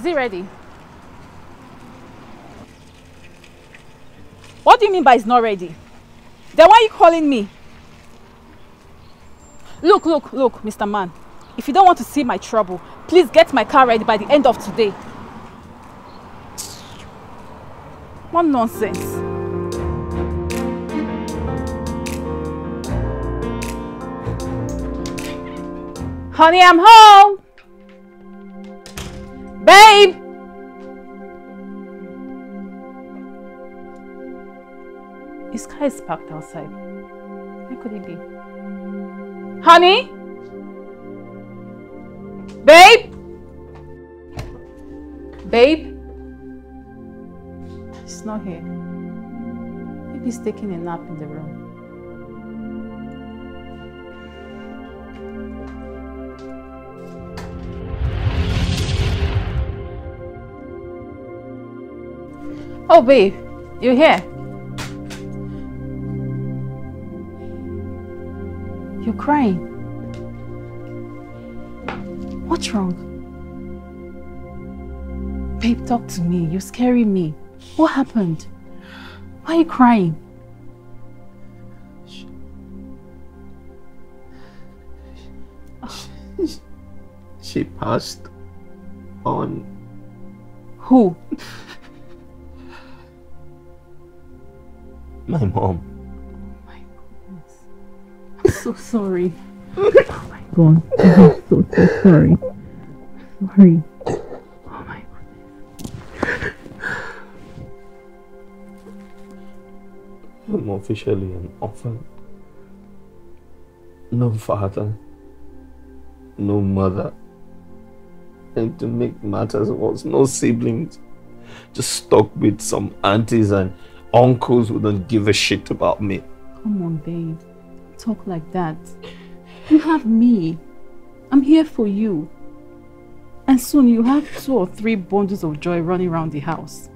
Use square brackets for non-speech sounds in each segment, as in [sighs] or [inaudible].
Is it ready? What do you mean by it's not ready? Then why are you calling me? Look, look, look, Mr. Man. If you don't want to see my trouble, please get my car ready by the end of today. What nonsense. Honey, I'm home. car is parked outside. Where could it be? Honey? Babe? Babe? She's not here. Maybe he's taking a nap in the room. Oh, babe, you here? crying? What's wrong? Babe, talk to me. You're scaring me. What happened? Why are you crying? She passed on. Who? My mom so sorry. Oh my god. I'm so, so sorry. Sorry. Oh my goodness. I'm officially an orphan. No father. No mother. And to make matters worse, no siblings. Just stuck with some aunties and uncles who don't give a shit about me. Come on, babe talk like that. You have me. I'm here for you. And soon you have two or three bundles of joy running around the house.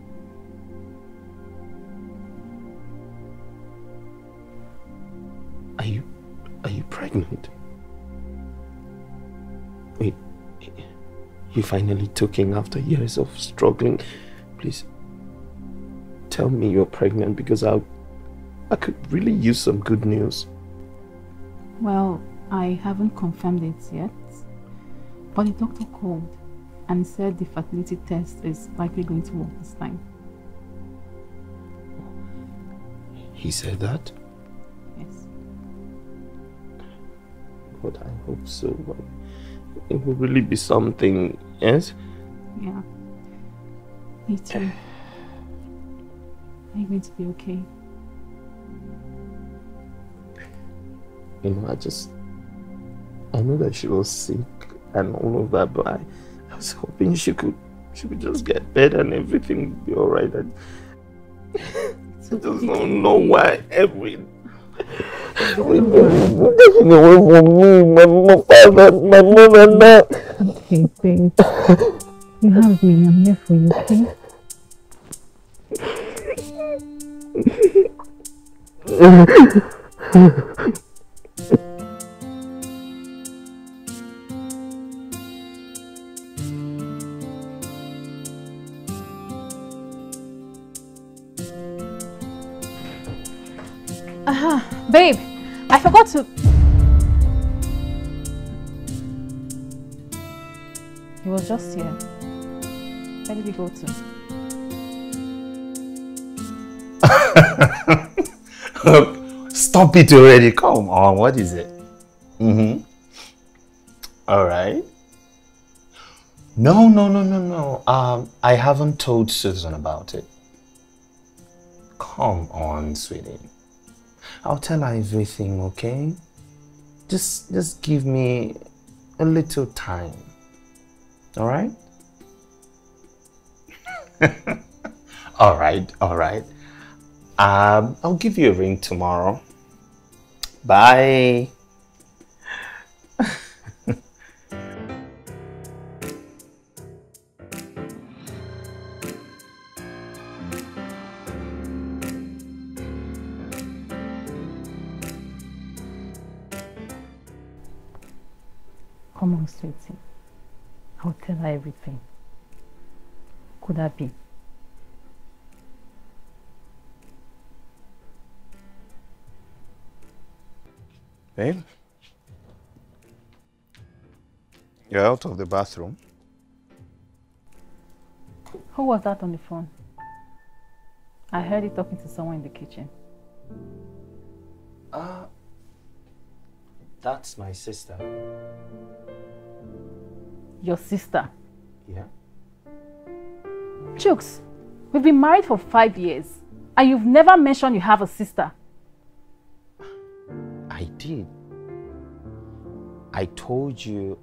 Are you... are you pregnant? Wait, you finally took in after years of struggling. Please, tell me you're pregnant because I... I could really use some good news. Well, I haven't confirmed it yet, but the doctor called and said the fertility test is likely going to work this time. He said that? Yes. But I hope so. It will really be something, yes? Yeah. Me too. [sighs] Are you going to be okay? you know, I just, I know that she was sick and all of that, but I, I was hoping she could, she would just get better and everything would be all right. And I [laughs] just don't know why every, everything taking away from me, my father, my mom and that. Okay, babe. You have me, I'm here for you, okay? [laughs] Uh -huh. Babe, I forgot to... He was just here. Where did he go to? [laughs] Stop it already. Come on, what is it? Mm-hmm. All right. No, no, no, no, no. Um, I haven't told Susan about it. Come on, sweetie. I'll tell her everything, okay? Just, just give me a little time. All right? [laughs] all right, all right. Um, I'll give you a ring tomorrow. Bye. come on, sweetie. I'll tell her everything. Could that be? Babe? You're out of the bathroom. Who was that on the phone? I heard it talking to someone in the kitchen. Ah, uh, that's my sister your sister. Yeah. Chooks, we've been married for five years and you've never mentioned you have a sister. I did. I told you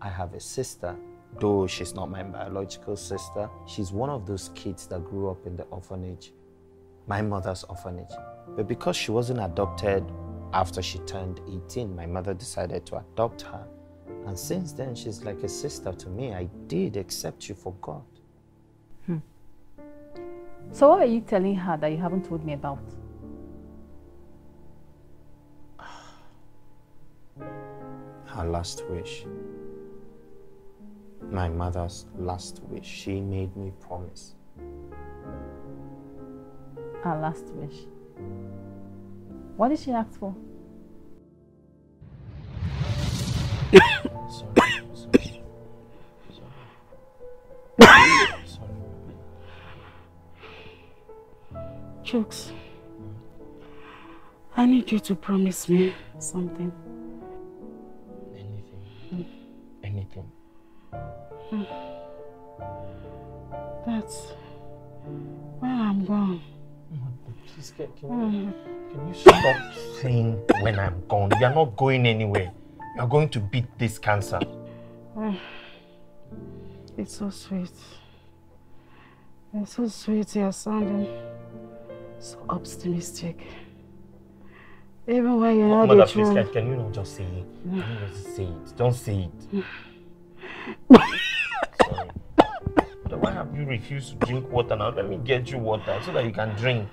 I have a sister, though she's not my biological sister. She's one of those kids that grew up in the orphanage, my mother's orphanage. But because she wasn't adopted after she turned 18, my mother decided to adopt her. And since then, she's like a sister to me. I did accept you for God. Hmm. So what are you telling her that you haven't told me about? [sighs] Her last wish. My mother's last wish. She made me promise. Her last wish. What did she ask for? Chooks, I need you to promise me something. Anything. Mm. Anything. Mm. That when I'm gone. Please, can, can, mm. can you stop saying when I'm gone? You're not going anywhere. You're going to beat this cancer. [sighs] It's so sweet. It's so sweet. You're sounding so optimistic. Even when you know Mother, please, can, can you not just say it? Can you just say it? Don't say it. [sighs] Sorry. why have you refused to drink water now? Let me get you water so that you can drink.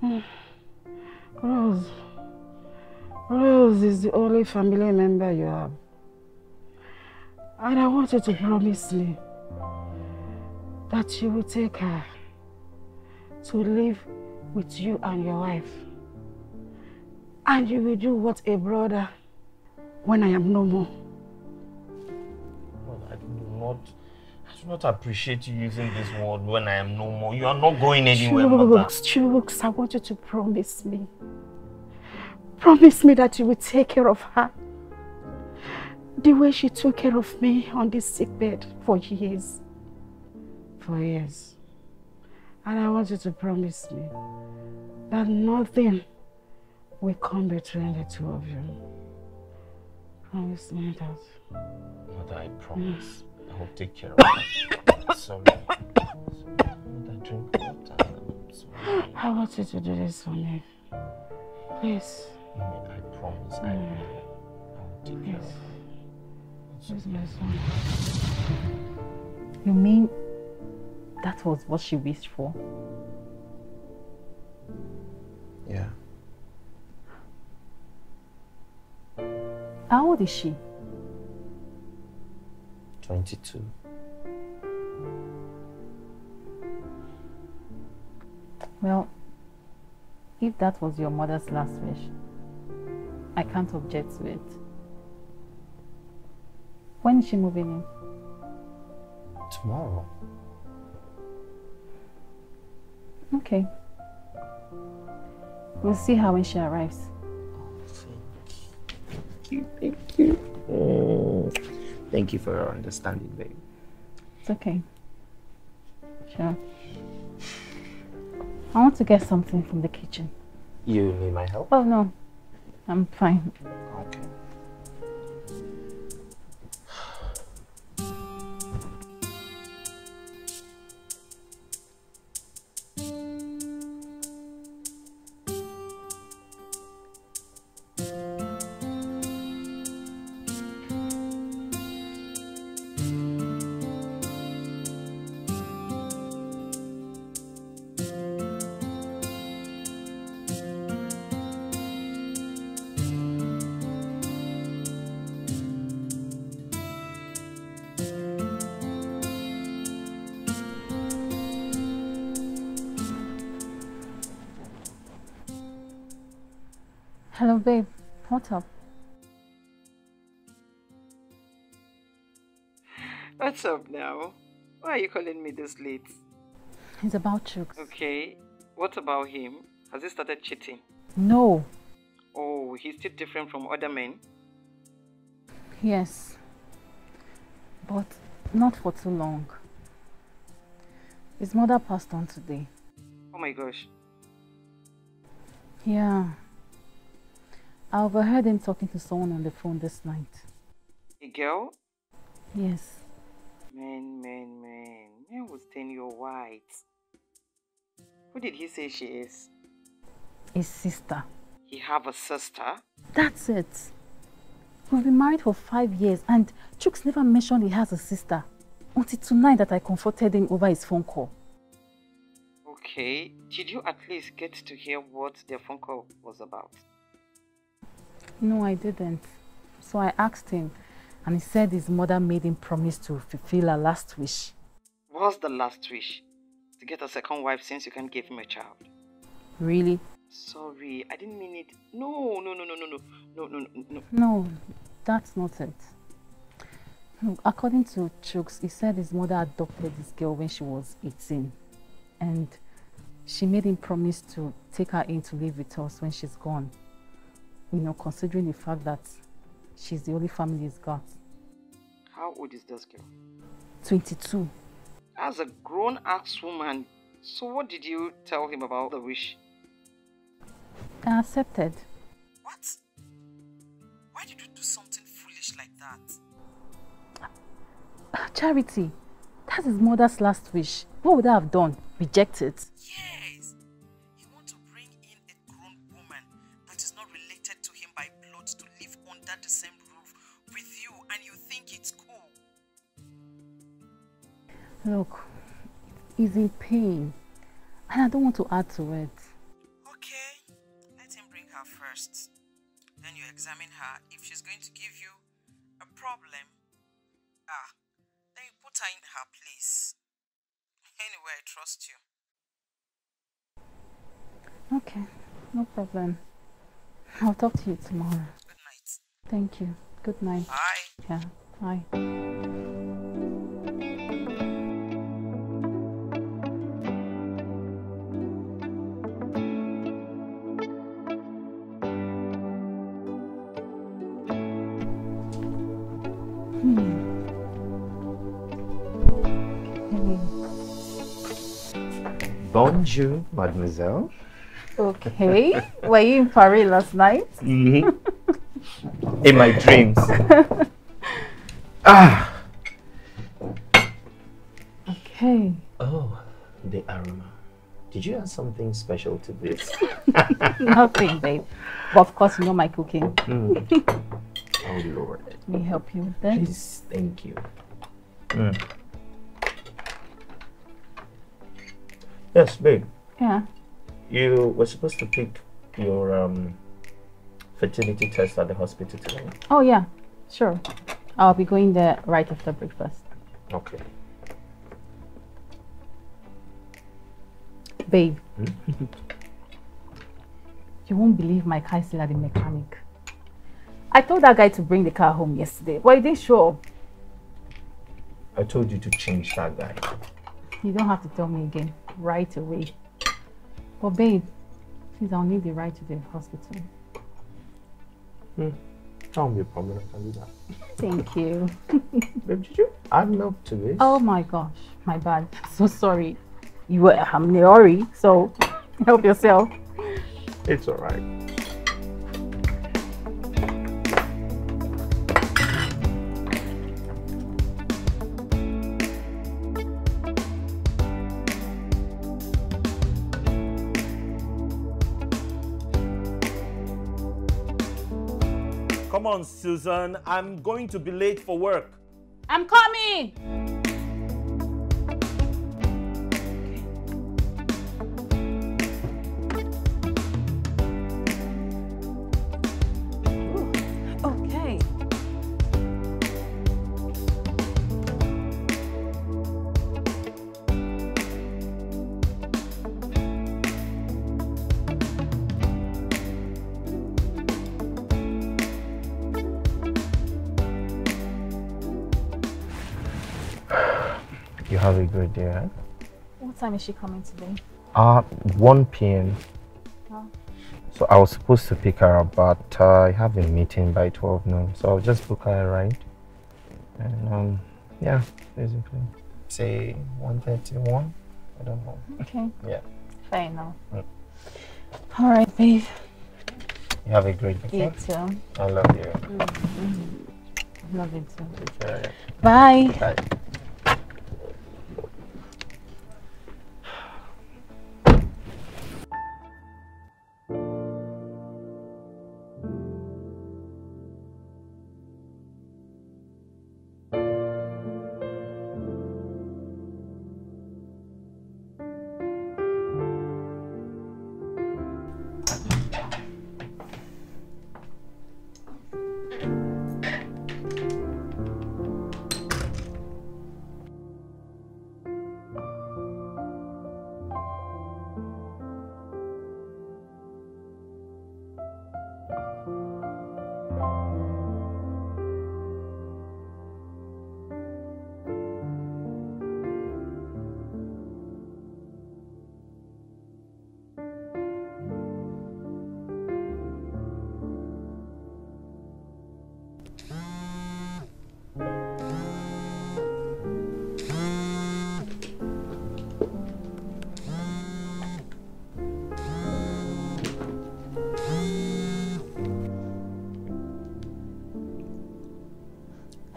[sighs] Rose. Rose oh, is the only family member you have. And I want you to promise me that you will take her to live with you and your wife. And you will do what a brother when I am no more. Well, I do not, I do not appreciate you using this word when I am no more. You are not going anywhere, Chooks, Mother. Chooks, I want you to promise me Promise me that you will take care of her. The way she took care of me on this sick bed for years. For years. And I want you to promise me that nothing will come between the two of you. Promise me that. Mother, I promise. Mm. I will take care of her. sorry. [laughs] sorry. Mother, drink water. I want you to do this for me. Please. I promise I will. Mm. I'll take care of her. Where's my son? You mean that was what she wished for? Yeah. How old is she? 22. Well, if that was your mother's last wish, I can't object to it. When is she moving in? Tomorrow. Okay. We'll see her when she arrives. thank you. Thank you. Oh, thank you for your understanding, babe. It's okay. Sure. I want to get something from the kitchen. You need my help? Oh, no. I'm fine. Okay. laptop. What's up now? Why are you calling me this late? It's about Chooks. Okay. What about him? Has he started cheating? No. Oh, he's still different from other men? Yes. But not for too long. His mother passed on today. Oh my gosh. Yeah. I overheard him talking to someone on the phone this night. A girl? Yes. Man, man, man. Man was ten years white. Who did he say she is? His sister. He have a sister? That's it. We've been married for five years and Chooks never mentioned he has a sister. Until tonight that I comforted him over his phone call. Okay. Did you at least get to hear what their phone call was about? No, I didn't. So I asked him, and he said his mother made him promise to fulfill her last wish. What's the last wish? To get a second wife since you can't give him a child. Really? Sorry, I didn't mean it. No, no, no, no, no, no, no, no, no. No, that's not it. according to Chooks, he said his mother adopted this girl when she was 18. And she made him promise to take her in to live with us when she's gone you know, considering the fact that she's the only family he's got. How old is this girl? 22. As a grown-ass woman, so what did you tell him about the wish? I accepted. What? Why did you do something foolish like that? Charity, that's his mother's last wish. What would I have done? Reject it? Yeah. Look, he's in pain and I don't want to add to it. Okay, let him bring her first. Then you examine her. If she's going to give you a problem, ah, then you put her in her place. Anyway, I trust you. Okay, no problem. I'll talk to you tomorrow. Good night. Thank you. Good night. Bye. Yeah, bye. Bonjour, mademoiselle. Okay. Were you in Paris last night? Mm -hmm. in my dreams. [laughs] ah. Okay. Oh, the aroma. Did you add something special to this? [laughs] Nothing, babe. But of course, you know my cooking. Mm. [laughs] Oh, Lord. Let me help you with that. Please, thank you. Mm. Yes, babe. Yeah. You were supposed to pick your um, fertility test at the hospital today. Oh, yeah. Sure. I'll be going there right after breakfast. Okay. Babe. Hmm? [laughs] you won't believe my car is still at the mechanic. I told that guy to bring the car home yesterday, but he didn't show up. I told you to change that guy. You don't have to tell me again right away. But babe, please, I'll need the ride to the hospital. Hmm. That won't be a problem. I can do that. Thank you. [laughs] babe, did you add milk to this? Oh my gosh, my bad. [laughs] So sorry. You were a hamneori, so [laughs] help yourself. It's all right. Susan. I'm going to be late for work. I'm coming! dear. What time is she coming today? Uh, 1 p.m. Oh. So I was supposed to pick her up, but uh, I have a meeting by 12 noon. So I'll just book her a ride. And um, yeah, basically. Say 1.31. I don't know. Okay. Yeah. Fair enough. Mm. All right, babe. You have a great day. You too. I love you. Mm -hmm. Love you too. Bye. Bye.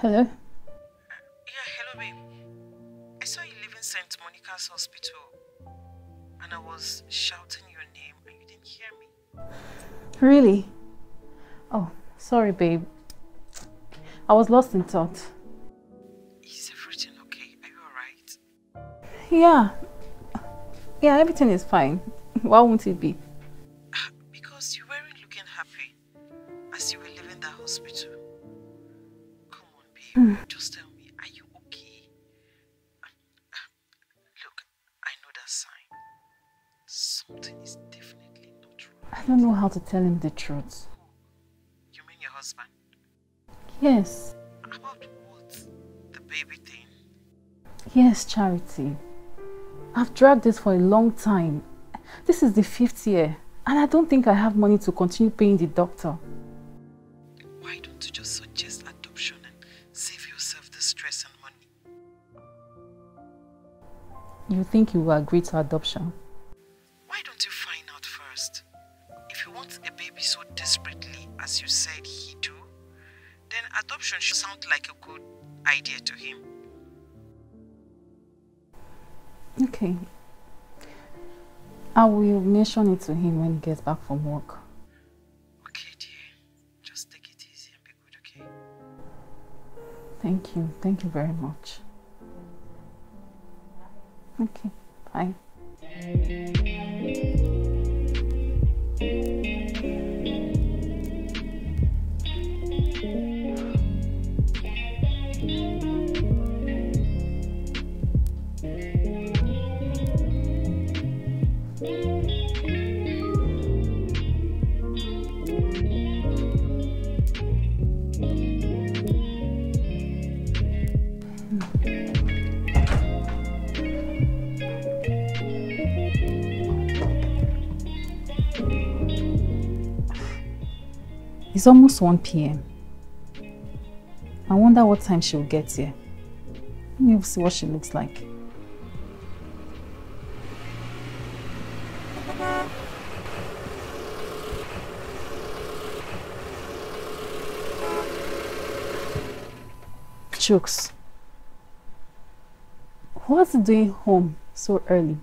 Hello? Yeah, hello, babe. I saw you leaving St. Monica's hospital and I was shouting your name and you didn't hear me. Really? Oh, sorry, babe. I was lost in thought. Is everything okay? Are you alright? Yeah. Yeah, everything is fine. [laughs] Why won't it be? how to tell him the truth. You mean your husband? Yes. About what? The baby thing? Yes, Charity. I've dragged this for a long time. This is the fifth year, and I don't think I have money to continue paying the doctor. Why don't you just suggest adoption and save yourself the stress and money? You think you will agree to adoption? idea to him. Okay. I will mention it to him when he gets back from work. Okay, dear. Just take it easy and be good, okay? Thank you. Thank you very much. Okay, bye. It's almost 1 p.m. I wonder what time she'll get here. Let me see what she looks like. chooks. What's doing home so early?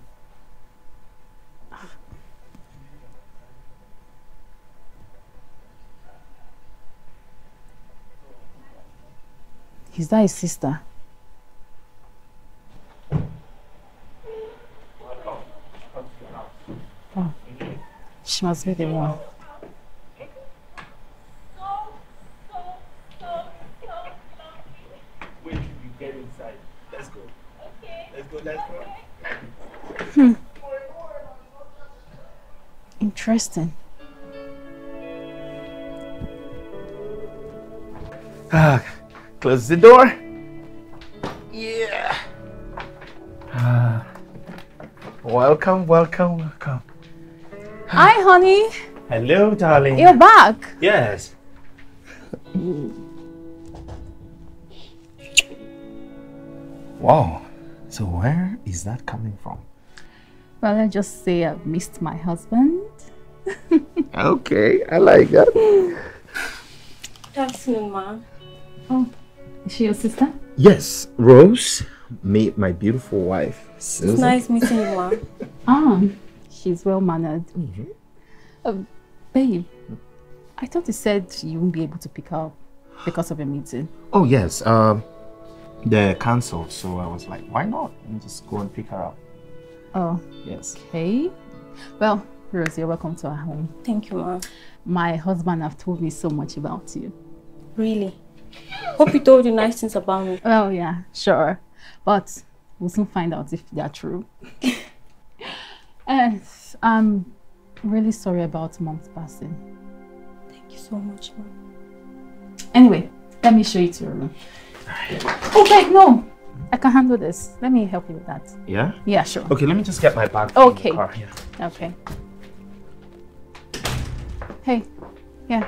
Is that his sister? Oh, she must be the one. Ah, close the door. Yeah. Ah. Welcome, welcome, welcome. Hi, honey. Hello, darling. You're back. Yes. Wow. So where is that coming from? Well, I just say I've missed my husband Okay, I like that. That's new, Mom. Oh, is she your sister? Yes, Rose. Meet my beautiful wife, Susan. It's nice meeting you, Mom. [laughs] ah, she's well-mannered. Mm -hmm. uh, babe, I thought you said you wouldn't be able to pick up because of a meeting. Oh, yes. Um, they're cancelled, so I was like, why not? me just go and pick her up. Oh. Yes. Okay. Well, Rose, you're welcome to our home. Thank you, Mom. My husband have told me so much about you. Really? Hope he told you nice things about me. Oh, yeah, sure. But we'll soon find out if they're true. and eh, I'm really sorry about Mom's passing. Thank you so much, Mom. Anyway, let me show you to your room. Okay, oh, no. I can handle this. Let me help you with that. Yeah? Yeah, sure. Okay, let me just get my bag. Okay. Yeah. Okay. Hey, yeah.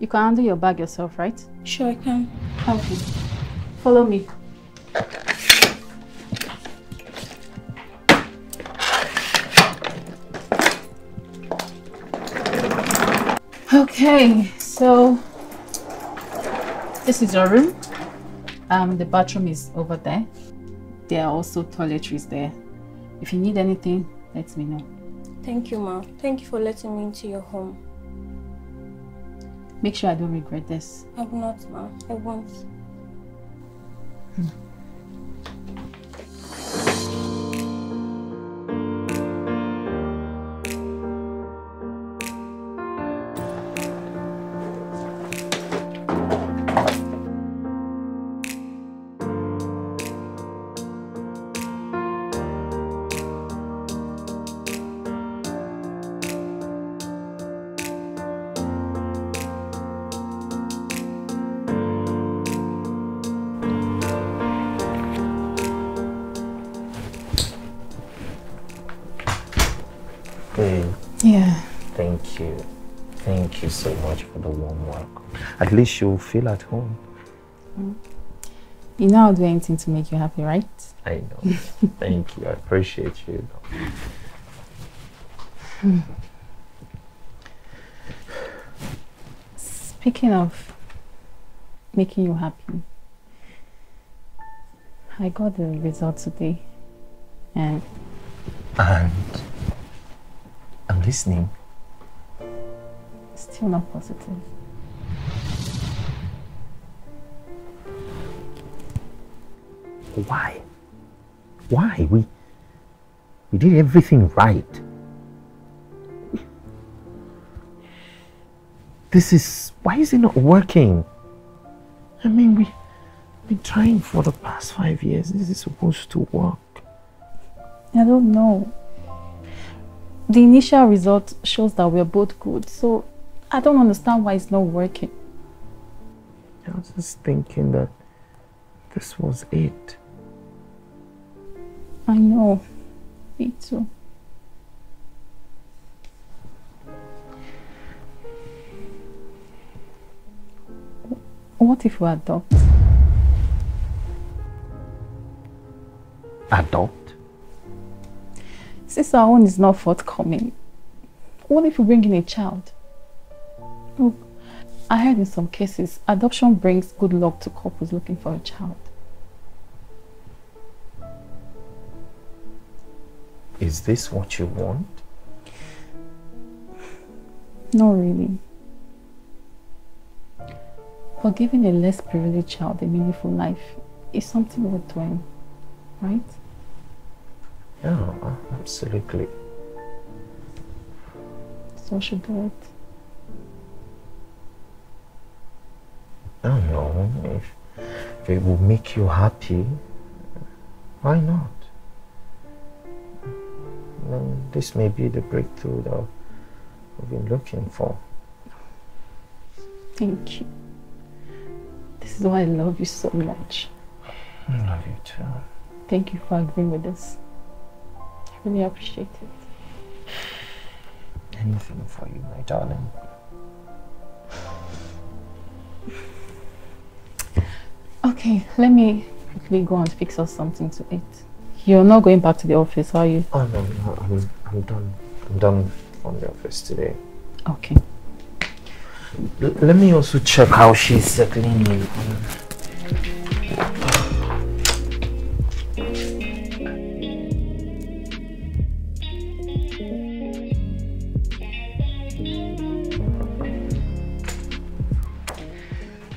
You can handle your bag yourself, right? Sure, I can. Okay. Follow me. Okay, so this is your room. Um, the bathroom is over there. There are also toiletries there. If you need anything, let me know. Thank you, Ma. Thank you for letting me into your home. Make sure I don't regret this. I will not, Ma. I won't. Hmm. much for the warm welcome. At least you'll feel at home. Mm. You know I'll do anything to make you happy, right? I know. [laughs] Thank you. I appreciate you. Speaking of making you happy, I got the result today. And. And. I'm listening still not positive. Why? Why? We, we did everything right. This is, why is it not working? I mean, we, been trying for the past five years. This is supposed to work. I don't know. The initial result shows that we're both good, so I don't understand why it's not working. I was just thinking that this was it. I know. Me too. What if we adopt? Adopt? Since our own is not forthcoming, what if we bring in a child? Look, I heard in some cases, adoption brings good luck to couples looking for a child. Is this what you want? Not really. For giving a less privileged child a meaningful life is something worth doing, right? Yeah, absolutely. So I should do it. I don't know if, if it will make you happy. Why not? this may be the breakthrough that we've been looking for. Thank you. This is why I love you so much. I love you too. Thank you for agreeing with us. I really appreciate it. Anything for you, my darling. Okay, let me quickly go and fix us something to eat. You're not going back to the office, are you? Oh, no, no, I'm, I'm done. I'm done from the office today. Okay. L let me also check how she's settling in.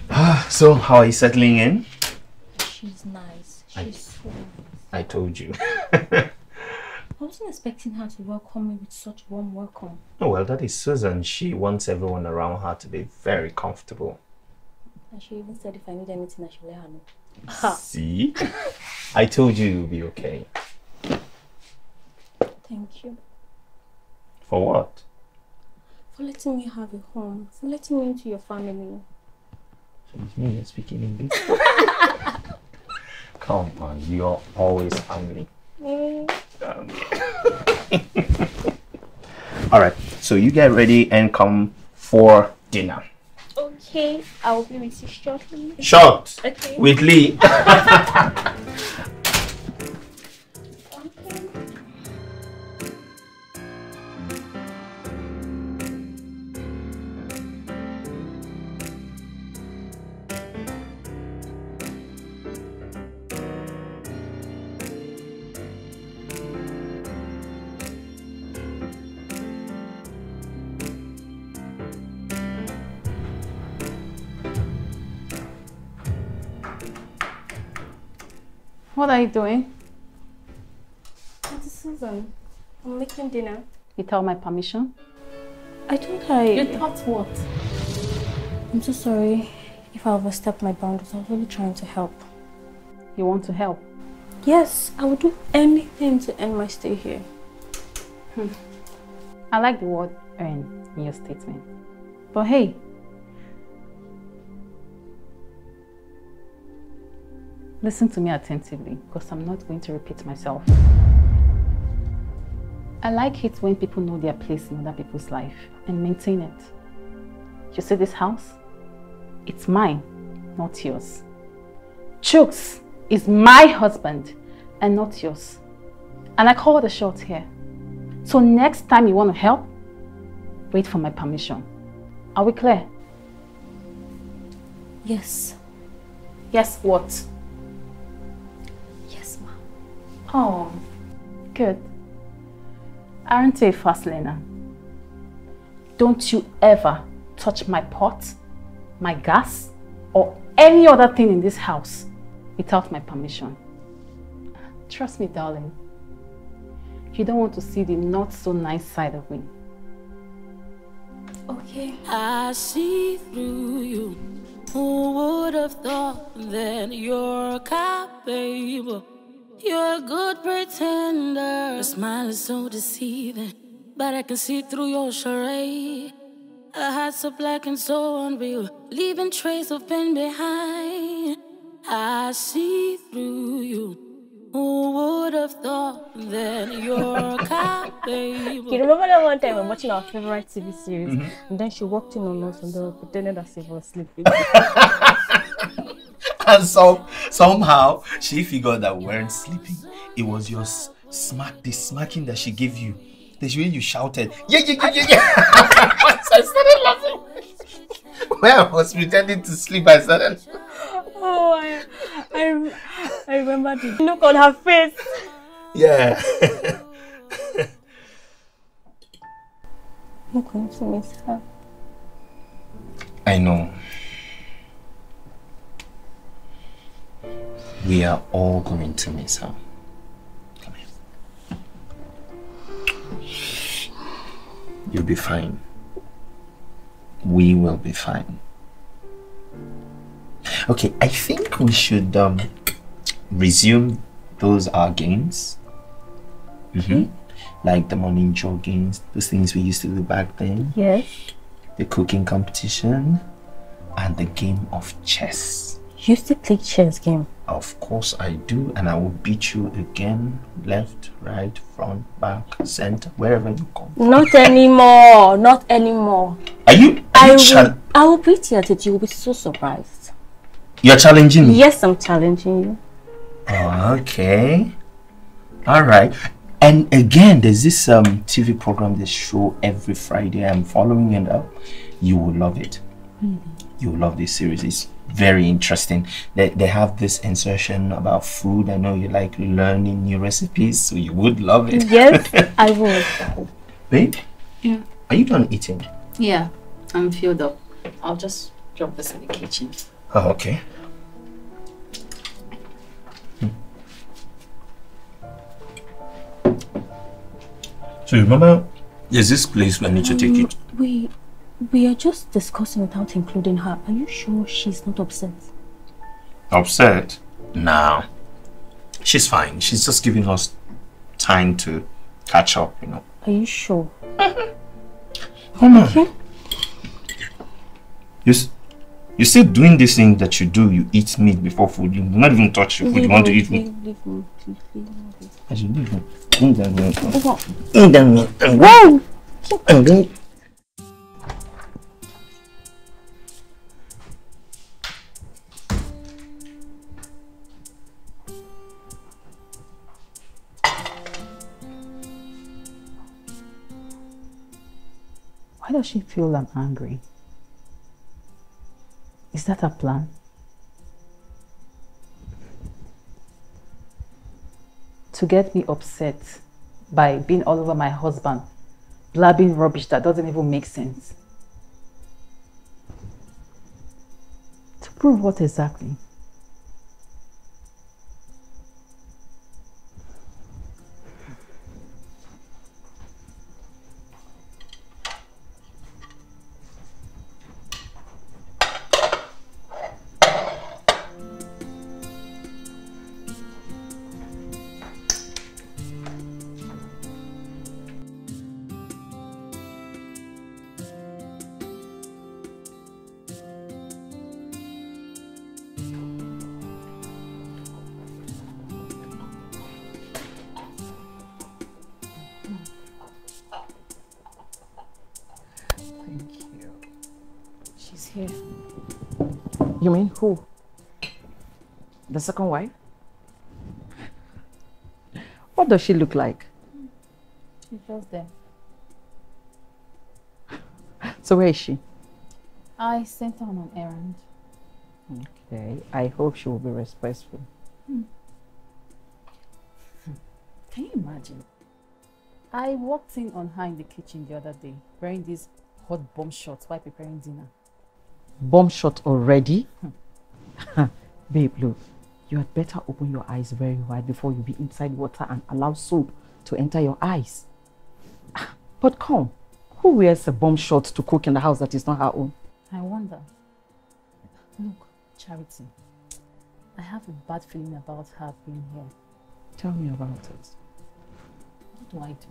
Ah, so, how are you settling in? expecting her to welcome me with such warm welcome. Oh, well, that is Susan. She wants everyone around her to be very comfortable. And she even said if I need anything, I should let her know. See? [laughs] I told you you'll be okay. Thank you. For what? For letting me have a home. For letting me into your family. So it's me you're speaking English? [laughs] Come on, you're always hungry. Mm. All right. So you get ready and come for dinner. Okay, I will be with you shortly. Short. Okay. With Lee. [laughs] are you doing? It's Susan, I'm making dinner. Without my permission? I don't. I... You thought what? I'm so sorry if I overstepped my boundaries. I was really trying to help. You want to help? Yes, I would do anything to end my stay here. Hmm. I like the word earn in your statement. But hey, Listen to me attentively, because I'm not going to repeat myself. I like it when people know their place in other people's life and maintain it. You see this house? It's mine, not yours. Chooks is my husband and not yours. And I call the shots here. So next time you want to help, wait for my permission. Are we clear? Yes. Yes, what? Oh, good. Aren't you a fast learner? Don't you ever touch my pot, my gas, or any other thing in this house without my permission. Trust me, darling. You don't want to see the not so nice side of me. Okay. I see through you. Who would have thought that you're capable you're a good pretender. Your smile is so deceiving, but I can see through your charade. A heart so black and so unreal, leaving trace of pain behind. I see through you. Who would have thought that you're a cop, babe? You remember that one time I'm watching our favorite TV series, mm -hmm. and then she walked in on us and they were pretending that she was sleeping. [laughs] [laughs] and some, somehow she figured that we weren't sleeping. It was your smack, the smacking that she gave you. The way you shouted, yeah, yeah, yeah, yeah, yeah. [laughs] Once I started laughing. [laughs] When I was pretending to sleep, I started. Oh, I, I, I remember the look on her face. Yeah. I'm going to miss her. I know. We are all going to miss her. Come here. You'll be fine. We will be fine. Okay, I think we should um, resume those our games. Mm -hmm. Like the morning joggings, those things we used to do back then. Yes. The cooking competition and the game of chess. You used to play chess game? Of course I do, and I will beat you again, left, right, front, back, center, wherever you come. Not anymore, not anymore. Are you? Are I, you will, I will beat you at it. You will be so surprised. You're challenging me? Yes, I'm challenging you. okay. All right. And again, there's this um, TV program, this show every Friday. I'm following it up. You will love it. Mm -hmm. You will love this series. It's very interesting. They, they have this insertion about food. I know you like learning new recipes, so you would love it. Yes, [laughs] I would. Babe? Yeah. Are you done eating? Yeah, I'm filled up. I'll just drop this in the kitchen. Oh, okay. Hmm. So mama, is this place I need to take um, you. Wait, we are just discussing without including her. Are you sure she's not upset? Upset? No. She's fine. She's just giving us time to catch up, you know. Are you sure? [laughs] Come on. Okay. You, you still doing this thing that you do. You eat meat before food. You not even touch your food. you want to eat meat. Leave me. Leave me. Leave me. Leave me. Leave me. Leave me. Leave me. Leave me. Leave me. Leave me. Why does she feel I'm angry? Is that a plan? To get me upset by being all over my husband, blabbing rubbish that doesn't even make sense. To prove what exactly? here. You mean who? The second wife? What does she look like? She's just there. So where is she? I sent her on an errand. Okay. I hope she will be respectful. Hmm. Can you imagine? I walked in on her in the kitchen the other day, wearing these hot bomb shorts while preparing dinner bomb shot already? [laughs] Babe, look, you had better open your eyes very wide before you be inside water and allow soap to enter your eyes. [laughs] But come, who wears a bomb shot to cook in the house that is not her own? I wonder. Look, Charity, I have a bad feeling about her being here. Tell me about it. What do I do?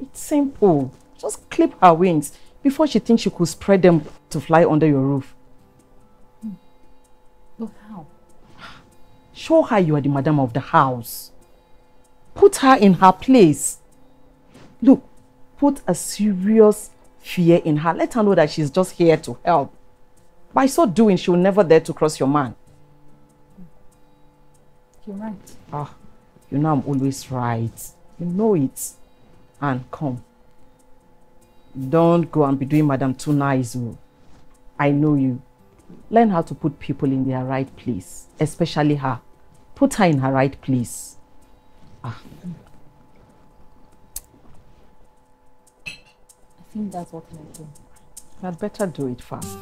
It's simple. Just clip her wings before she thinks she could spread them to fly under your roof. Look But how? Show her you are the madam of the house. Put her in her place. Look, put a serious fear in her. Let her know that she's just here to help. By so doing, she'll never dare to cross your man. You're right. Ah, you know I'm always right. You know it and come. Don't go and be doing Madam too nice. I know you. Learn how to put people in their right place, especially her. Put her in her right place. Ah. I think that's what I do. You had better do it fast.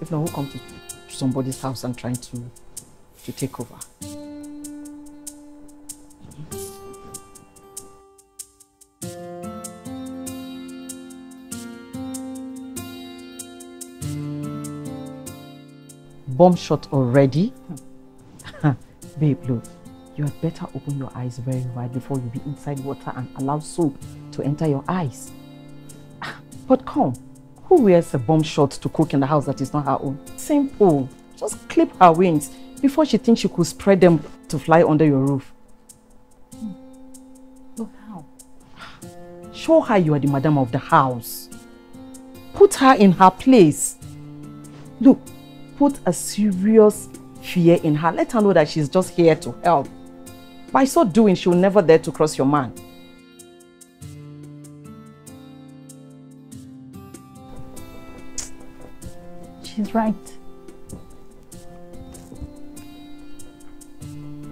If not, who come to somebody's house and trying to, to take over? bomb shot already? [laughs] Babe, look, you had better open your eyes very wide before you be inside water and allow soap to enter your eyes. [laughs] But come, who wears a bomb shot to cook in the house that is not her own? Simple. Just clip her wings before she thinks she could spread them to fly under your roof. Hmm. Look how. Show her you are the madam of the house. Put her in her place. Look, put a serious fear in her. Let her know that she's just here to help. By so doing, she'll never dare to cross your man. She's right.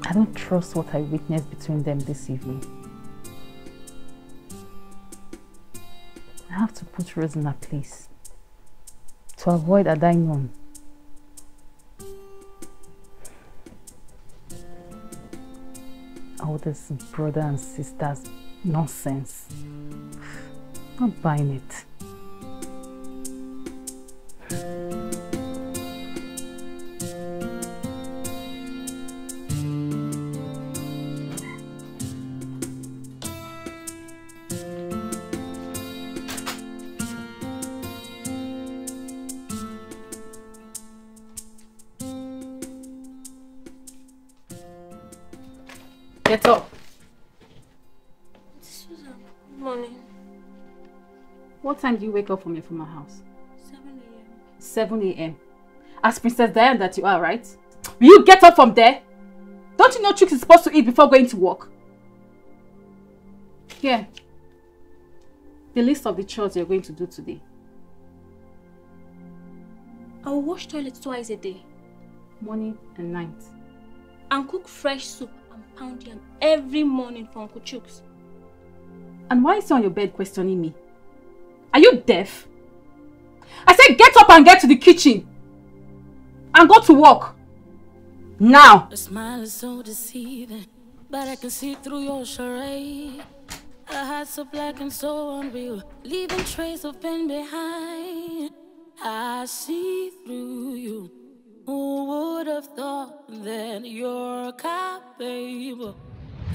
I don't trust what I witnessed between them this evening. I have to put Rose in her place to avoid a dying one. all this brother and sisters nonsense. I'm not buying it. Get up. Susan, good morning. What time do you wake up from your my house? 7 a.m. 7 a.m. As Princess Diana that you are, right? Will you get up from there? Don't you know Chooks is supposed to eat before going to work? Here. The list of the chores you're going to do today. I will wash toilets twice a day. Morning and night. And cook fresh soup and pound yam every morning for Uncle Chooks. And why is he on your bed questioning me? Are you deaf? I said get up and get to the kitchen and go to work. Now. A smile is so deceiving, but I can see through your charade. A heart so black and so unreal, leaving trace of pain behind. I see through you. Who would have thought that you're a cop, babe?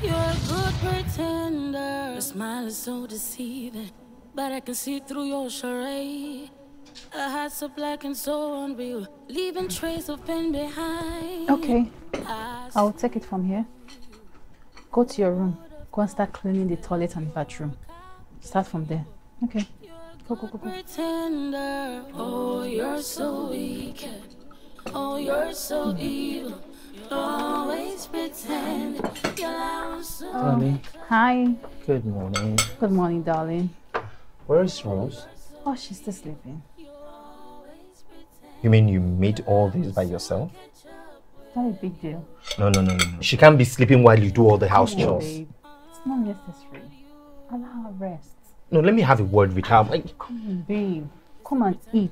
You're a good pretender. Your smile is so deceiving, but I can see through your charade. A heart so black and so unreal, leaving trace of pain behind. Okay, I'll take it from here. Go to your room. Go and start cleaning the toilet and bathroom. Start from there. Okay. Go, go, go, go. Pretender, oh, you're so weak. Oh, you're so evil. You always pretend. So Hi. Good morning. Good morning, darling. Where is Rose? Oh, she's still sleeping. You mean you made all this by yourself? Not a big deal. No, no, no, no. She can't be sleeping while you do all the house chores. Babe. It's not necessary. Allow her rest. No, let me have a word with her. come on, babe. Come and eat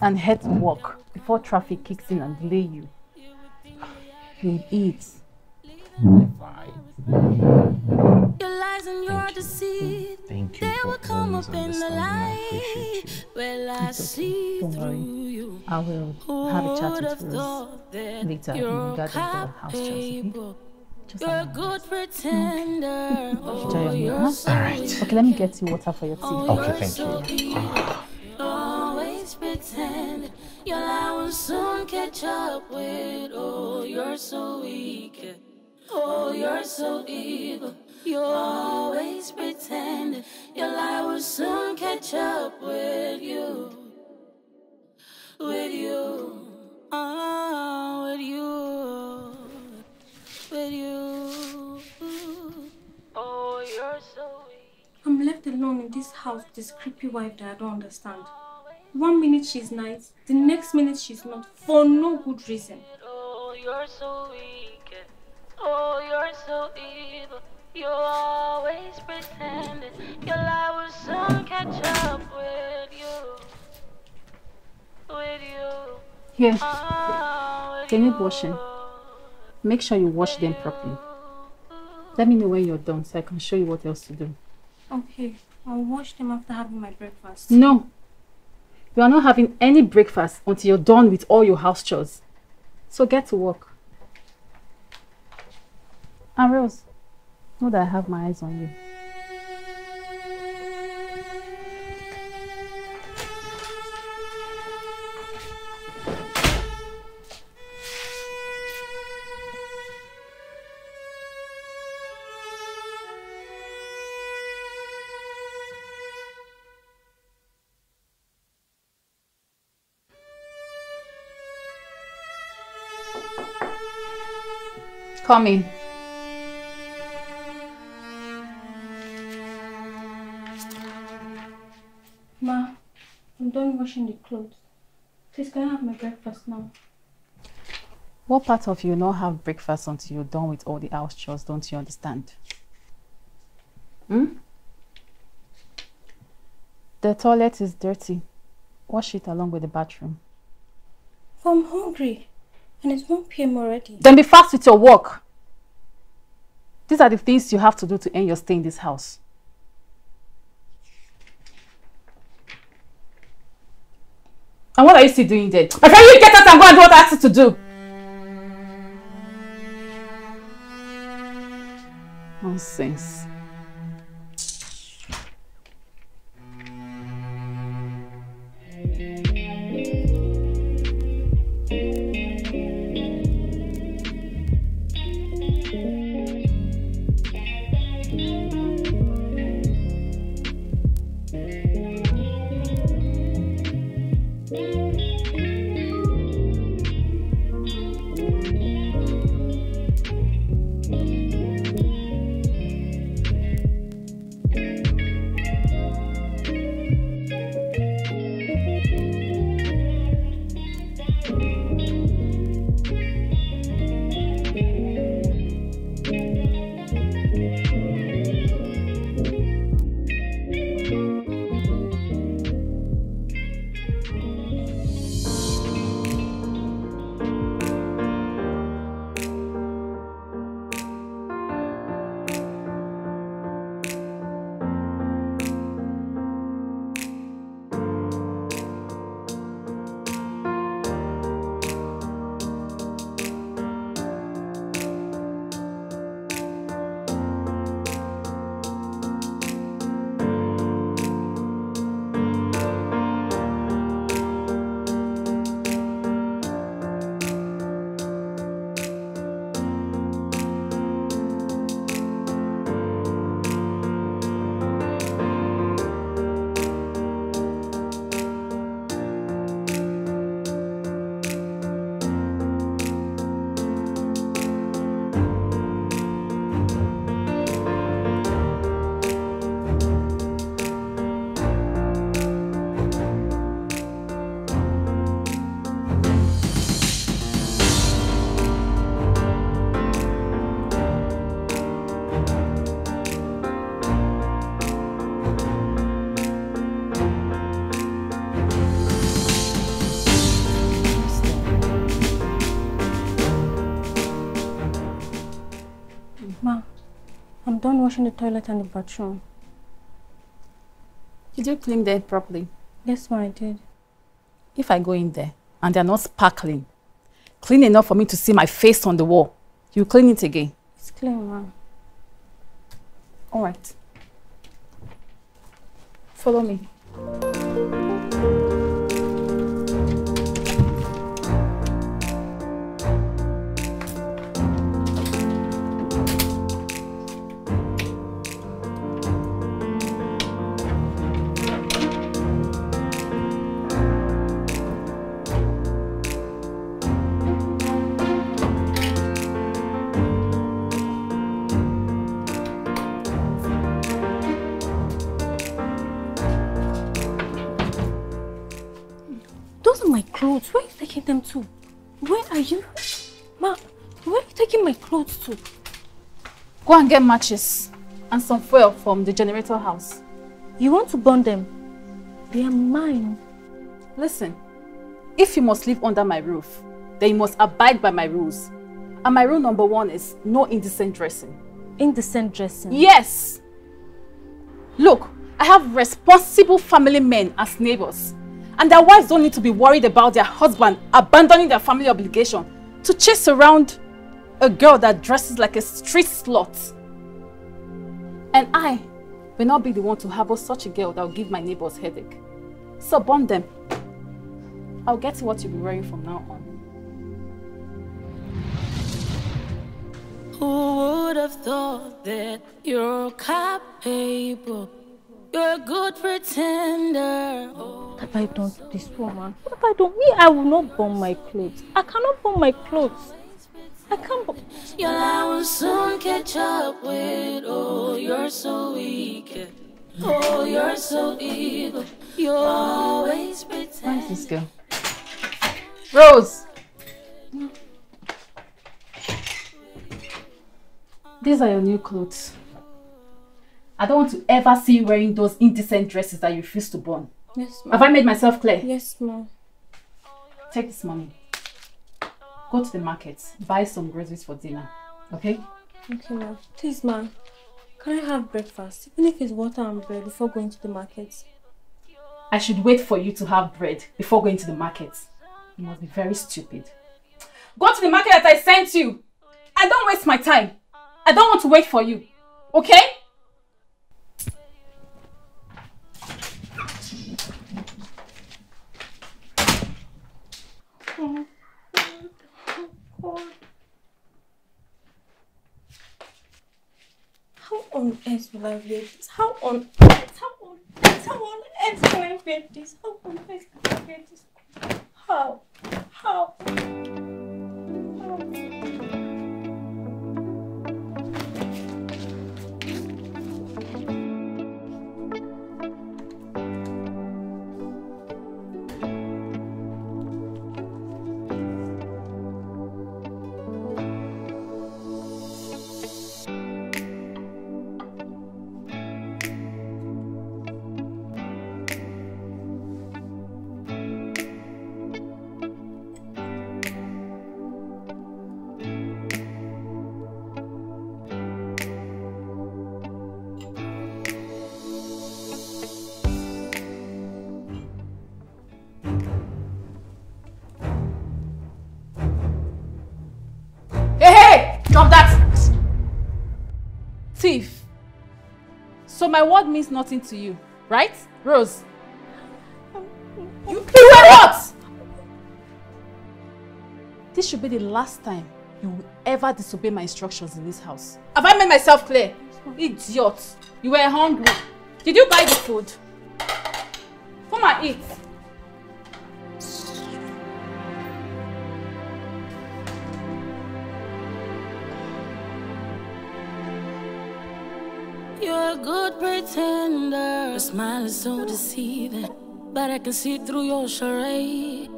and head to work before traffic kicks in and delay you. You'll eat. Fine. Thank you. Thank you for always understanding. I appreciate you. It's okay. Don't worry. I will have a chat with Rose later in the house chats. Okay? Just you're a good pretender. Mm. [laughs] Oh, you're All right. Okay, let me get you water for your tea. Oh, okay, thank you. Always pretend. Your light will soon catch up with. Oh, you're so weak. Oh, you're so evil. You always pretend. Your lie will soon catch up with you. With you. Oh, with you. With you. Oh, you're so weak. I'm left alone in this house with this creepy wife that I don't understand. One minute she's nice, the next minute she's not, for no good reason. Oh, you're so weak. Oh, you're so evil. You always pretending your lie will soon catch up with you. With you. Here. Oh, Make sure you wash them properly. Let me know when you're done so I can show you what else to do. Okay, I'll wash them after having my breakfast. No, you are not having any breakfast until you're done with all your house chores. So get to work. And Rose, know that I have my eyes on you. Coming. Ma, I'm done washing the clothes. Please, can I have my breakfast now? What part of you not have breakfast until you're done with all the house chores, don't you understand? Hmm? The toilet is dirty. Wash it along with the bathroom. I'm hungry. And it's 1 p.m. already. Then be fast with your work. These are the things you have to do to end your stay in this house. And what are you still doing there? Can friend, you get out and go and do what I asked you to do. Nonsense. done washing the toilet and the bathroom. Did You clean them properly? Yes, ma'am, I did. If I go in there and they're not sparkling, clean enough for me to see my face on the wall, you clean it again. It's clean, ma'am. All right. Follow me. them too. Where are you? Ma, where are you taking my clothes to? Go and get matches and some fuel from the generator house. You want to burn them? They are mine. Listen, if you must live under my roof, then you must abide by my rules. And my rule number one is no indecent dressing. Indecent dressing? Yes! Look, I have responsible family men as neighbors. And their wives don't need to be worried about their husband abandoning their family obligation to chase around a girl that dresses like a street slut. And I will not be the one to harbor such a girl that will give my neighbors headache. So burn them. I'll get to what you'll be wearing from now on. Who would have thought that you're capable you're a good pretender. What have I done to this woman? What have I done? Me, I will not burn my clothes. I cannot burn my clothes. I can't burn. Your I will soon catch up with. Oh, you're so weak. Oh, you're so evil. You always pretend. Where is this girl? Rose! These are your new clothes. I don't want to ever see you wearing those indecent dresses that you refuse to burn. Yes, ma'am. Have I made myself clear? Yes, ma'am. Take this money. Go to the market. Buy some groceries for dinner. Okay? Okay, ma'am. Please, ma'am. Can I have breakfast? Even if it's water and bread before going to the market. I should wait for you to have bread before going to the market. You must be very stupid. Go to the market that I sent you. I don't waste my time. I don't want to wait for you. Okay? How on earth will I live this? How on earth? How on earth? How on earth can I wear this? How on earth can I this? How? How? How? my word means nothing to you, right, Rose? You, you were what? This should be the last time you will ever disobey my instructions in this house. Have I made myself clear? Idiot. You were hungry. Did you buy the food? Come and eat. smile is so deceiving, but I can see through your charade.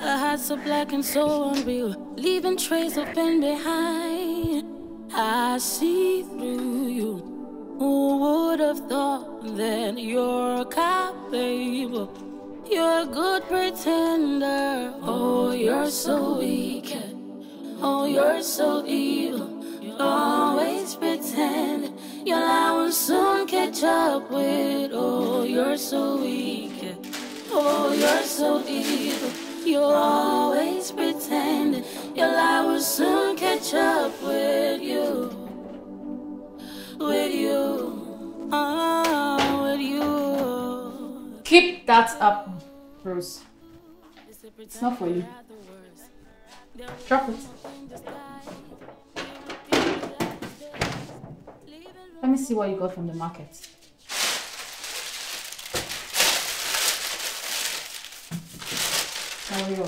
A heart so black and so unreal, leaving trace of pain behind. I see through you. Who would have thought that you're capable? You're a good pretender. Oh, you're so weak. Oh, you're so evil. catch up with. Oh, you're so weak. Oh, you're so evil. You always Your lie will soon catch up with you. With you. Oh, with you. Keep that up, Bruce. It's not for you. Drop it. Let me see what you got from the market. How are you?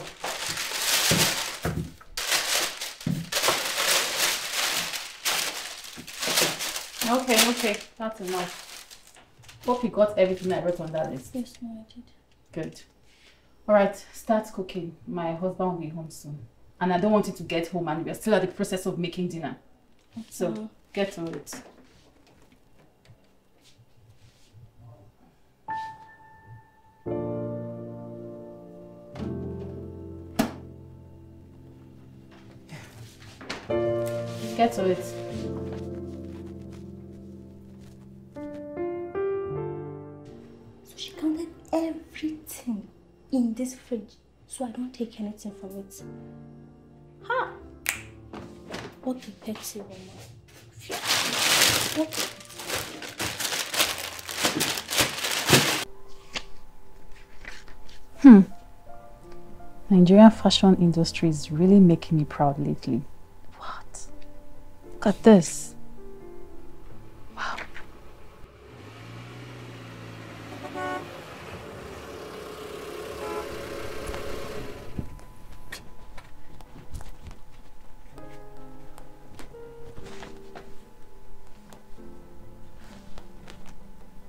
Okay, okay, that's enough. Hope you got everything I wrote on that list. Yes, no, I did. Good. All right, start cooking. My husband will be home soon. And I don't want you to get home and we're still at the process of making dinner. Okay. So, get to it. so so she counted everything in this fridge so i don't take anything from it ha what the pepsi woman what Hmm. Nigerian fashion industry is really making me proud lately. Look at this. Wow.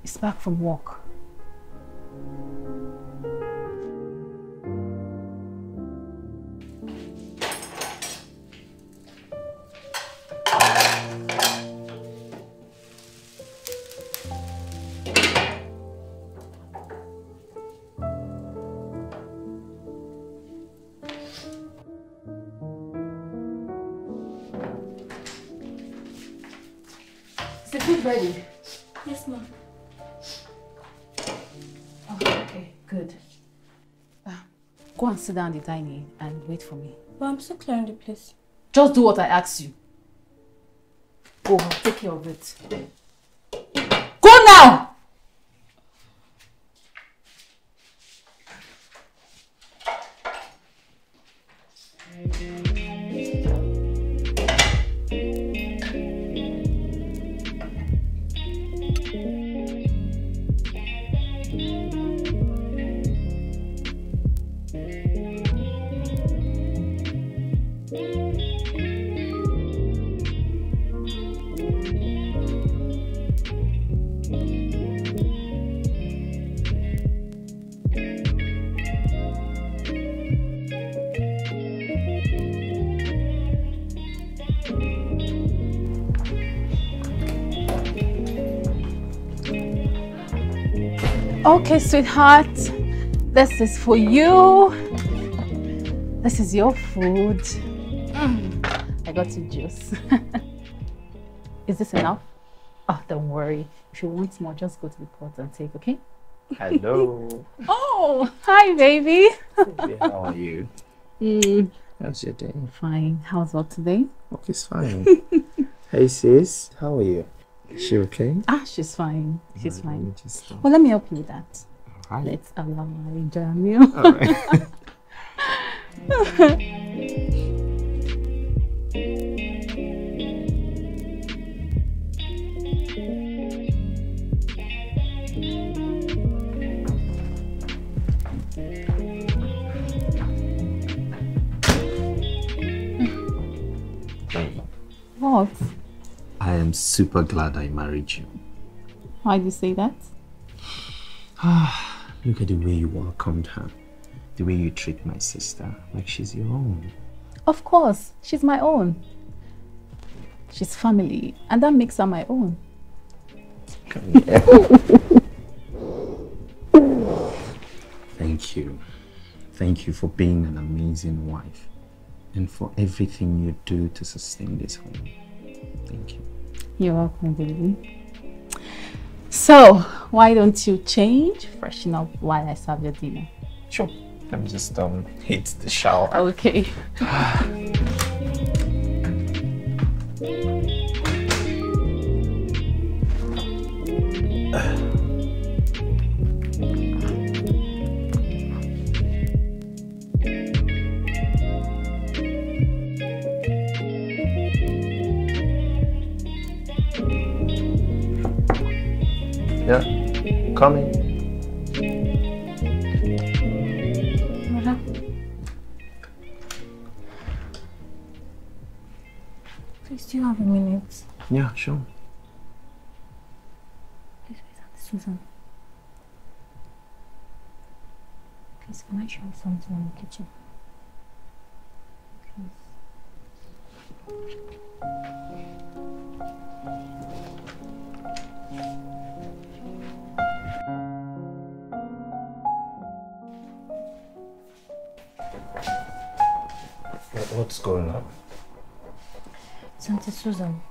He's back from work. sit down in the dining and wait for me. But I'm still clearing the place. Just do what I ask you. Go, take care of it. Okay, sweetheart, this is for you. This is your food. Mm. I got you juice. [laughs] is this enough? Oh, don't worry. If you want more, just go to the pot and take, okay? Hello. [laughs] oh, hi, baby. how are you? [laughs] Mm. How's your day? Fine. How's work today? Work is fine. hey, sis. How are you? Is she okay? Ah, she's fine. She's right, fine. Let well, let me help you with that. All right. Let's allow my jam, you. [laughs] What? I am super glad I married you. Why do you say that? [sighs] Look at the way you welcomed her. The way you treat my sister, like she's your own. Of course, she's my own. She's family, and that makes her my own. [laughs] Thank you. Thank you for being an amazing wife and for everything you do to sustain this home. Thank you. You're welcome, baby. So, why don't you change, freshen up while I serve your dinner? Sure. Let me just um hit the shower. Okay. [sighs] [laughs] coming. Voilà. Please, do you have a minute? Yeah, sure. Please, please, Susan. Please, can I show you something in the kitchen? What's going on? Santa Susan,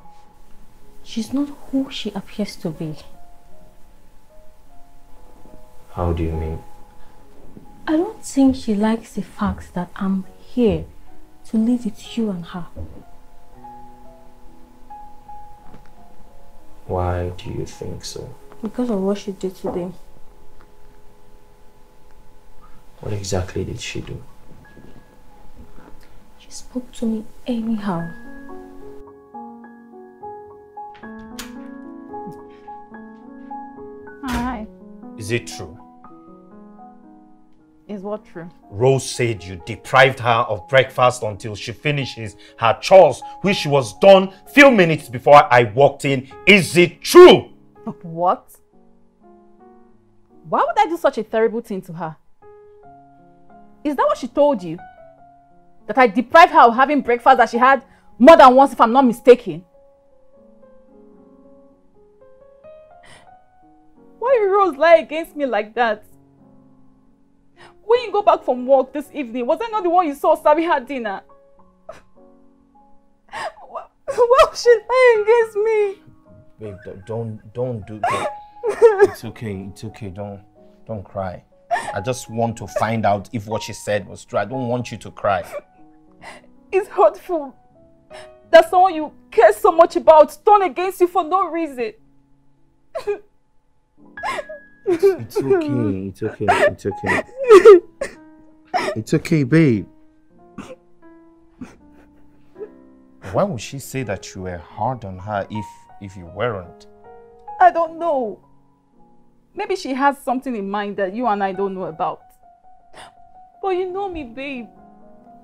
she's not who she appears to be. How do you mean? I don't think she likes the fact that I'm here to live with you and her. Why do you think so? Because of what she did today. What exactly did she do? spoke to me anyhow. Alright. Is it true? Is what true? Rose said you deprived her of breakfast until she finishes her chores, which was done few minutes before I walked in. Is it true? What? Why would I do such a terrible thing to her? Is that what she told you? that I deprived her of having breakfast that she had more than once, if I'm not mistaken. Why you Rose lie against me like that? When you go back from work this evening, was that not the one you saw serving her dinner? [laughs] Why would she lie against me? Babe, don't, don't do that. it's okay, it's okay, don't, don't cry. I just want to find out if what she said was true. I don't want you to cry. It's hurtful that someone you care so much about turn against you for no reason. It's, it's okay, it's okay, it's okay. It's okay, babe. Why would she say that you were hard on her if if you weren't? I don't know. Maybe she has something in mind that you and I don't know about. But you know me, babe.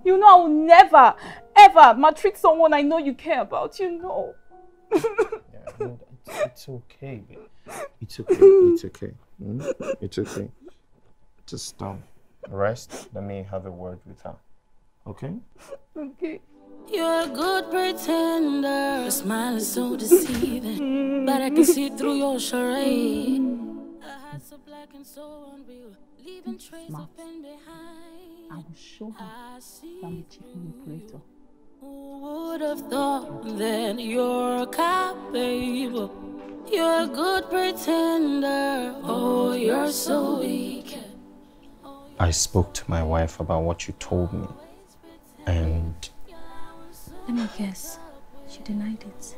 You know I will never, ever maltreat someone I know you care about, you know. yeah, no, it's, it's, okay, babe. It's okay, it's okay. Mm? It's okay. Just um, rest. Let me have a word with her. Okay? Okay. You're a good pretender. Your smile is so deceiving. but I can see through your charade. Her heart's so black and so unreal and smart. I will show her that I'm chicken operator. Who would have thought that you're capable? You're a good pretender. Oh, oh you're so weak. I spoke to my wife about what you told me, and. Let me guess. She denied it.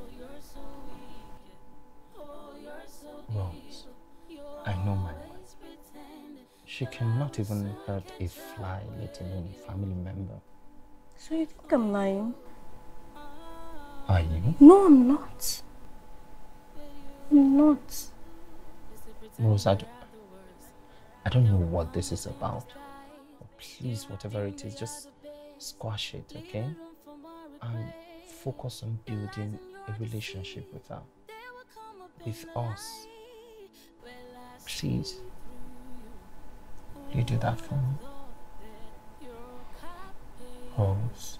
She cannot even hurt a fly, let alone a family member. So you think I'm lying? Are you? No, I'm not. I'm not. Rose, I don't, I don't know what this is about. please, whatever it is, just squash it, okay? And focus on building a relationship with her. With us. Please. You do that for me. Pose.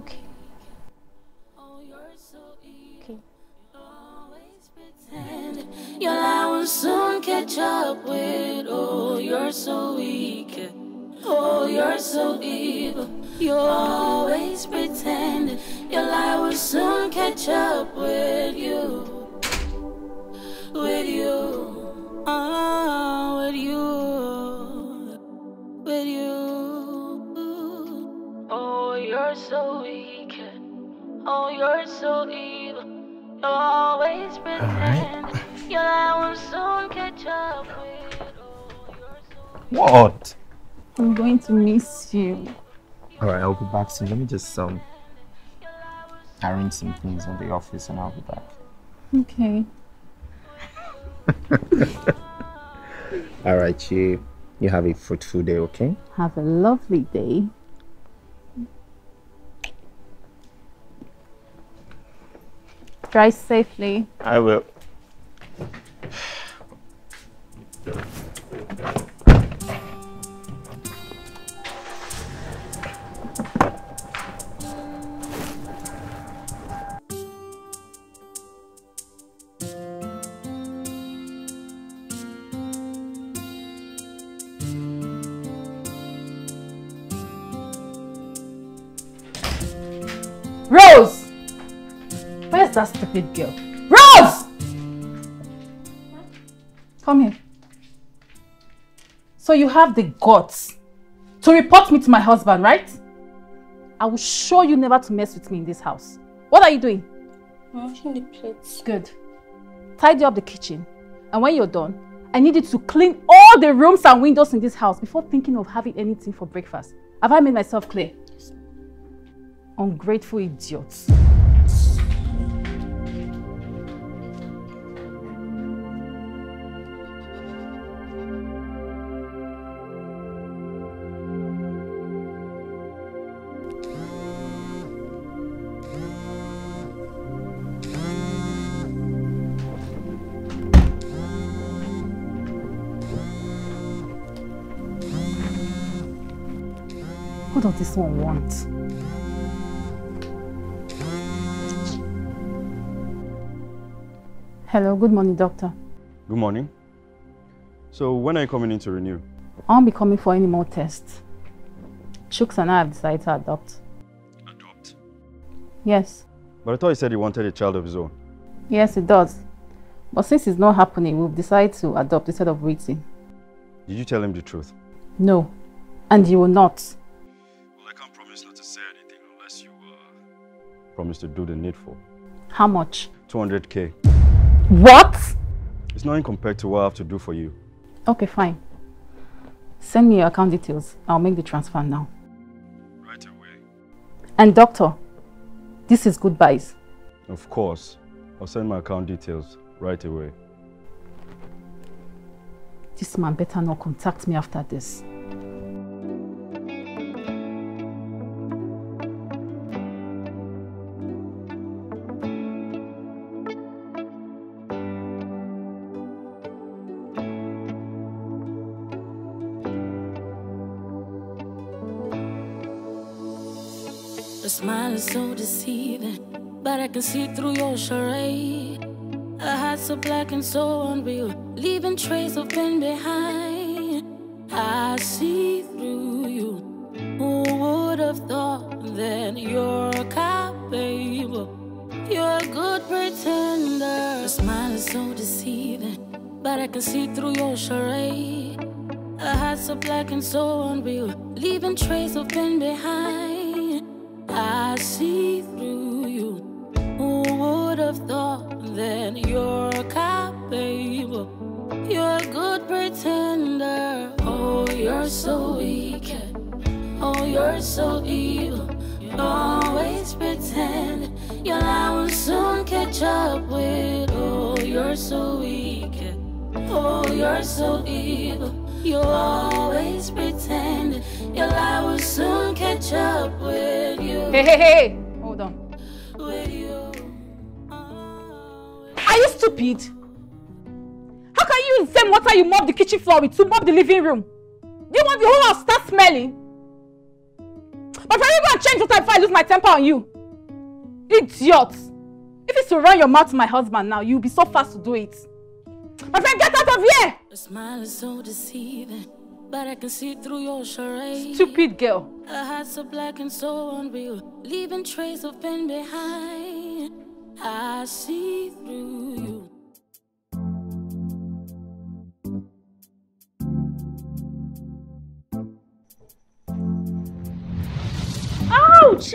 Okay. Okay. Your lie will soon catch up with. Oh, you're so weak. Oh, you're so evil. You always pretend. Your lie will soon catch up with you. You're so evil. You always will soon catch up with. Oh, what? I'm going to miss you. Alright, I'll be back soon. Let me just um arrange some things in the office and I'll be back. Okay. [laughs] Alright, you you have a fruitful day, okay? Have a lovely day. Drive safely. I will. that stupid girl. Rose! Come here. So you have the guts to report me to my husband, right? I will show you never to mess with me in this house. What are you doing? I'm washing the plates. Good. Tidy up the kitchen. And when you're done, I need you to clean all the rooms and windows in this house before thinking of having anything for breakfast. Have I made myself clear? Yes. Ungrateful idiots. does this one want? Hello, good morning, doctor. Good morning. So when are you coming in to renew? I won't be coming for any more tests. Chooks and I have decided to adopt. Adopt? Yes. But I thought you said you wanted a child of his own. Yes, it does. But since it's not happening, we've decided to adopt instead of waiting. Did you tell him the truth? No. And he will not. promised to do the needful. How much? 200k. What? It's nothing compared to what I have to do for you. Okay, fine. Send me your account details. I'll make the transfer now. Right away. And doctor, this is goodbyes. Of course. I'll send my account details right away. This man better not contact me after this. was so deceiving, but I can see through your charade. A heart so black and so unreal, leaving trace of pain behind. I see through you. Who would have thought that you're capable? You're a good pretender. Your smile is so deceiving, but I can see through your charade. A heart so black and so unreal, leaving trace of pain behind see through you. Who would have thought that you're a cop, babe? You're a good pretender. Oh, you're so weak. Oh, oh, oh, you're so evil. You always pretend. Your lie will soon catch up with. Oh, you're so weak. Oh, you're so evil. You always pretend. Your lie will soon catch up with. Hey, hey, hey! Hold on. Are you stupid? How can you use the same water you mop the kitchen floor with to mop the living room? Do you want the whole house start smelling? But when you go and change water before I lose my temper on you? Idiot! If it's to run your mouth to my husband now, you'll be so fast to do it. My friend, get out of here! Your smile is so deceiving. But I can see through your charade. Stupid girl. Her heart's so black and so unreal, leaving trace of pain behind. I see through you. Ouch!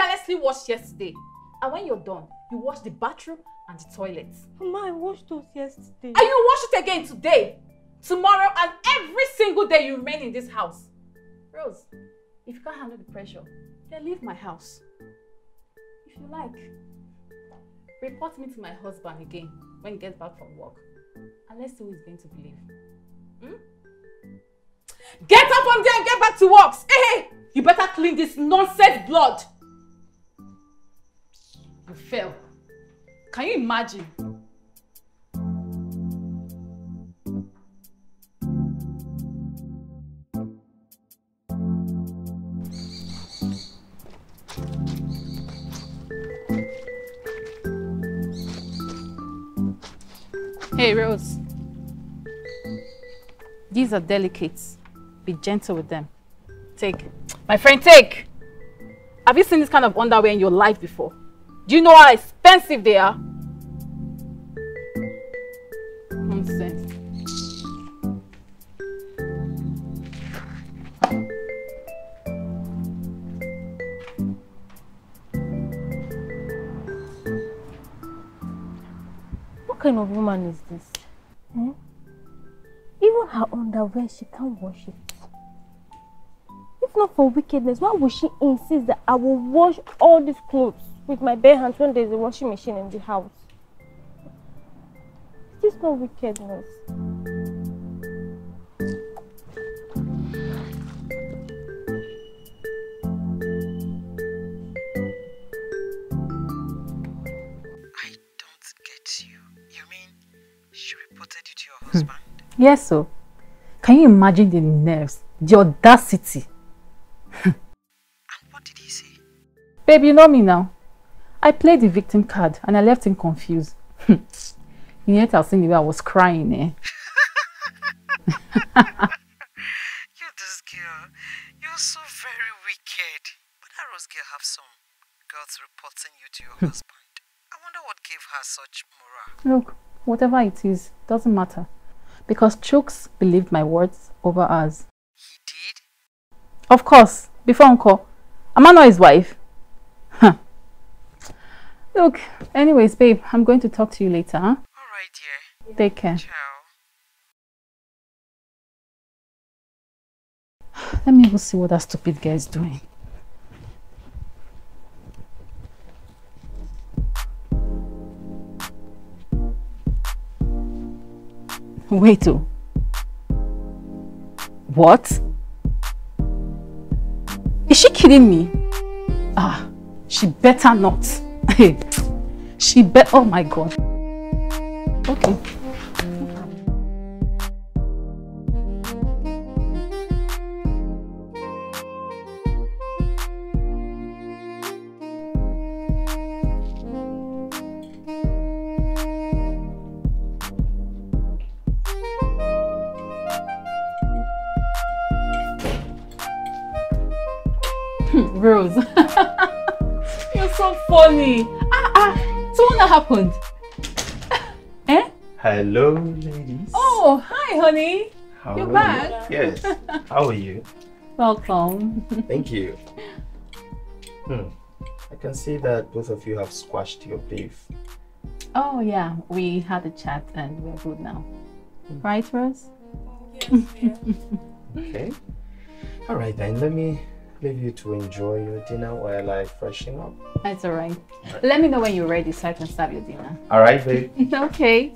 carelessly washed yesterday. And when you're done, you wash the bathroom and the toilet. Mama, I washed those yesterday. And you wash it again today, tomorrow, and every single day you remain in this house. Rose, if you can't handle the pressure, then leave my house. If you like, report me to my husband again when he gets back from work. And let's see who he's going to believe. Hmm? Get up on there and get back to work! Hey, hey! You better clean this nonsense blood! you Can you imagine? Hey, Rose. These are delicate. Be gentle with them. Take. My friend, take! Have you seen this kind of underwear in your life before? Do you know how expensive they are? What kind of woman is this? Hmm? Even her underwear, she can't wash it. If not for wickedness, why would she insist that I will wash all these clothes? with my bare hands when there's a washing machine in the house. Is this not wickedness? I don't get you. You mean she reported you to your husband? Yes, sir. Can you imagine the nerves, the audacity? [laughs] and what did he say? Babe, you know me now. I played the victim card and I left him confused. he yet has seen the way I was crying, eh? [laughs] you this girl. You're so very wicked. But that Rose girl have some girls reporting you to your hmm. husband. I wonder what gave her such morale. Look, whatever it is, doesn't matter. Because Chooks believed my words over ours. He did? Of course, before Uncle. Am I not his wife? Look, anyways, babe, I'm going to talk to you later. Huh? All right, dear. Take care. Ciao. [sighs] Let me go see what that stupid guy is doing. Wait, oh. What? Is she kidding me? Ah, she better not. [laughs] she bet. Oh my God. Okay. so funny. Ah, ah. So what happened? [laughs] eh? Hello, ladies. Oh, hi, honey. How You're back. You? Yes. [laughs] How are you? Welcome. Thank you. [laughs] Hmm. I can see that both of you have squashed your beef. Oh, yeah. We had a chat and we're good now. Hmm. Right, Rose? Yes, okay. All right, then. Let me leave you to enjoy your dinner while I freshen up. That's all right. Let me know when you're ready so I can serve your dinner. All right, babe. [laughs] okay.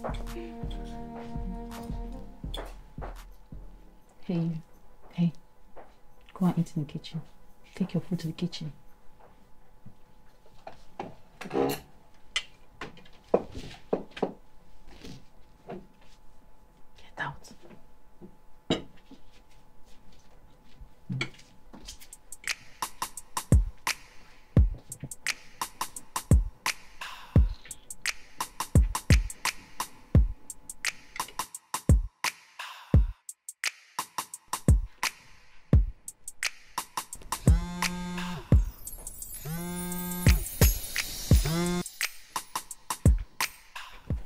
Hey, hey, go and eat in the kitchen. Take your food to the kitchen.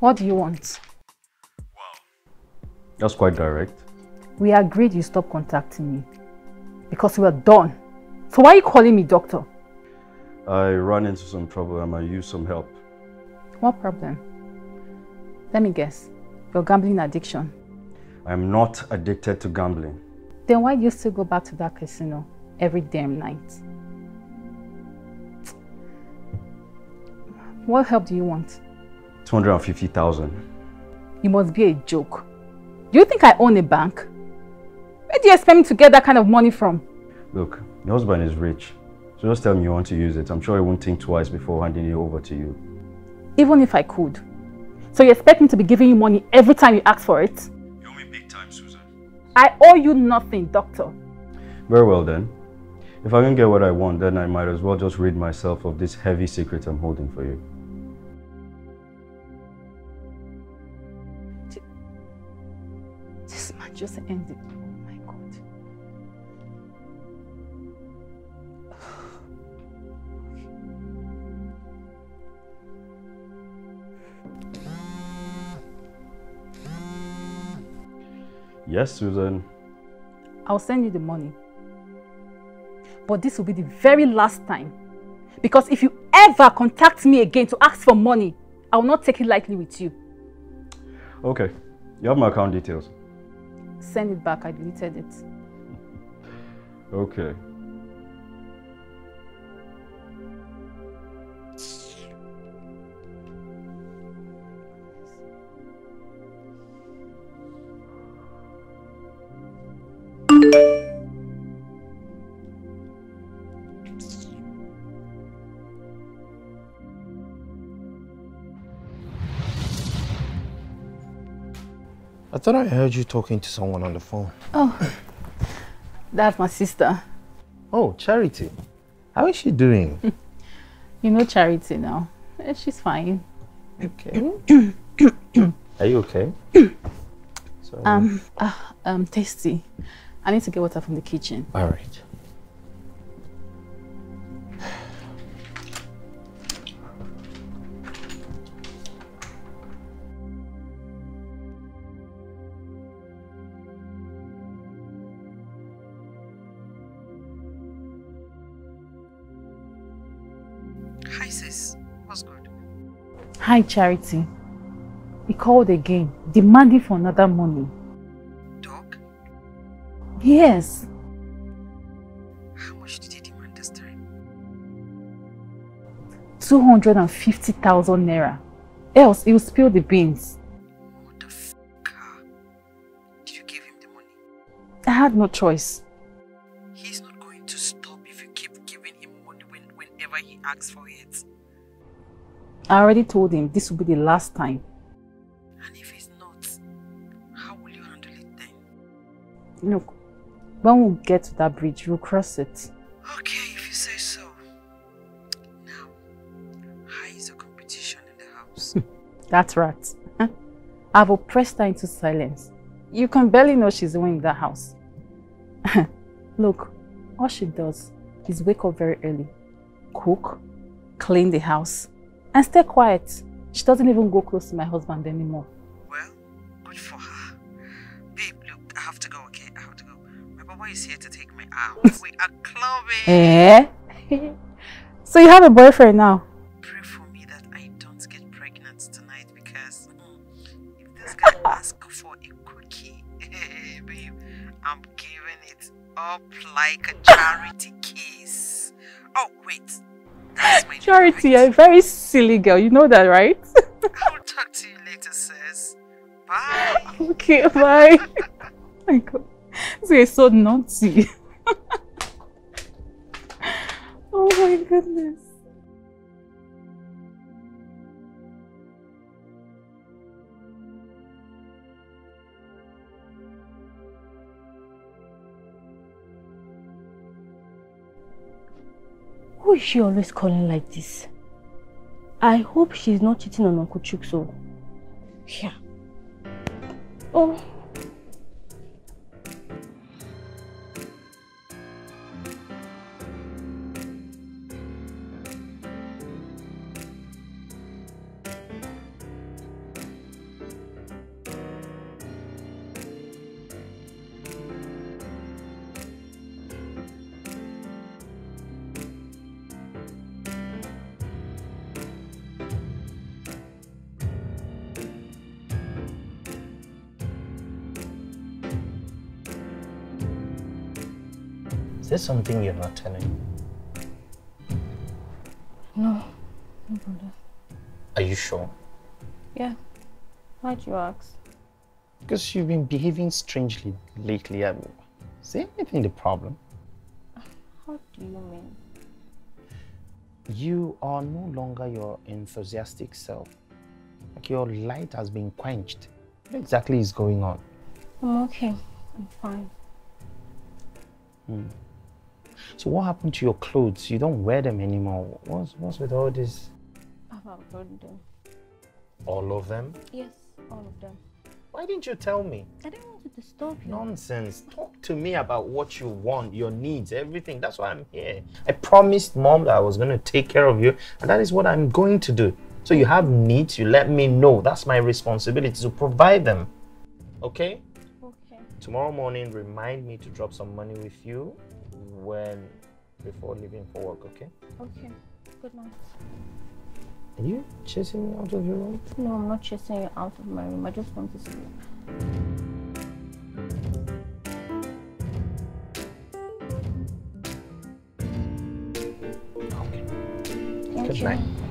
What do you want? Wow. That's quite direct. We agreed you stop contacting me because we are done. So why are you calling me doctor? I ran into some trouble and I used some help. What problem? Let me guess. Your gambling addiction. I'm not addicted to gambling. Then why do you still go back to that casino every damn night? What help do you want? 250,000. You must be a joke. Do you think I own a bank? Where do you expect me to get that kind of money from? Look, your husband is rich. So just tell me you want to use it. I'm sure he won't think twice before handing it over to you. Even if I could. So you expect me to be giving you money every time you ask for it? You owe me big time, Susan. I owe you nothing, doctor. Very well then. If I don't get what I want, then I might as well just rid myself of this heavy secret I'm holding for you. just ended. Oh my God. [sighs] yes, Susan. I'll send you the money. But this will be the very last time. Because if you ever contact me again to ask for money, I will not take it lightly with you. Okay. You have my account details send it back. I deleted it. Okay. I thought I heard you talking to someone on the phone. Oh, that's my sister. Oh, Charity. How is she doing? [laughs] you know Charity now. Eh, she's fine. Okay. Mm. Are you okay? [coughs] Sorry. Um, uh, um, tasty. I need to get water from the kitchen. All right. Hi, Charity. He called again, demanding for another money. Dog? Yes. How much did he demand this time? 250,000 naira. Else, he'll spill the beans. What the f***? Did you give him the money? I had no choice. He's not going to stop if you keep giving him money when, whenever he asks for it. I already told him this will be the last time. And if it's not, how will you handle it then? Look, when we get to that bridge, we'll cross it. Okay, if you say so. Now, how is the competition in the house? [laughs] That's right. [laughs] I've oppressed her into silence. You can barely know she's the one in that house. [laughs] Look, all she does is wake up very early, cook, clean the house, and stay quiet. She doesn't even go close to my husband anymore. Well, good for her. Babe, look, I have to go, okay? I have to go. My papa is here to take me out. [laughs] we are clubbing. Eh? [laughs] so you have a boyfriend now? Pray for me that I don't get pregnant tonight because mm, if this guy [laughs] asks for a cookie, eh, babe, I'm giving it up like a charity Charity, you're a very silly girl. You know that, right? [laughs] I'll talk to you later, sis. Bye. Okay, bye. [laughs] my God. This is so naughty. [laughs] oh my goodness. Who is she always calling like this? I hope she's not cheating on Uncle Chukso. Yeah. Oh. something you're not telling me? No, no brother. Are you sure? Yeah. Why'd you ask? Because you've been behaving strangely lately. I um, mean, is there anything the problem? How do you mean? You are no longer your enthusiastic self. Like your light has been quenched. What exactly is going on? I'm okay. I'm fine. Hmm. So what happened to your clothes? You don't wear them anymore. What's, what's with all this? I've outgrown them. All of them? Yes, all of them. Why didn't you tell me? I didn't want to disturb you. Nonsense. Talk to me about what you want, your needs, everything. That's why I'm here. I promised mom that I was going to take care of you, and that is what I'm going to do. So you have needs, you let me know. That's my responsibility to provide them. Okay? Okay. Tomorrow morning, remind me to drop some money with you when before leaving for work, okay? Okay. Good night. Are you chasing me out of your room? No, I'm not chasing you out of my room. I just want to see you. Good night.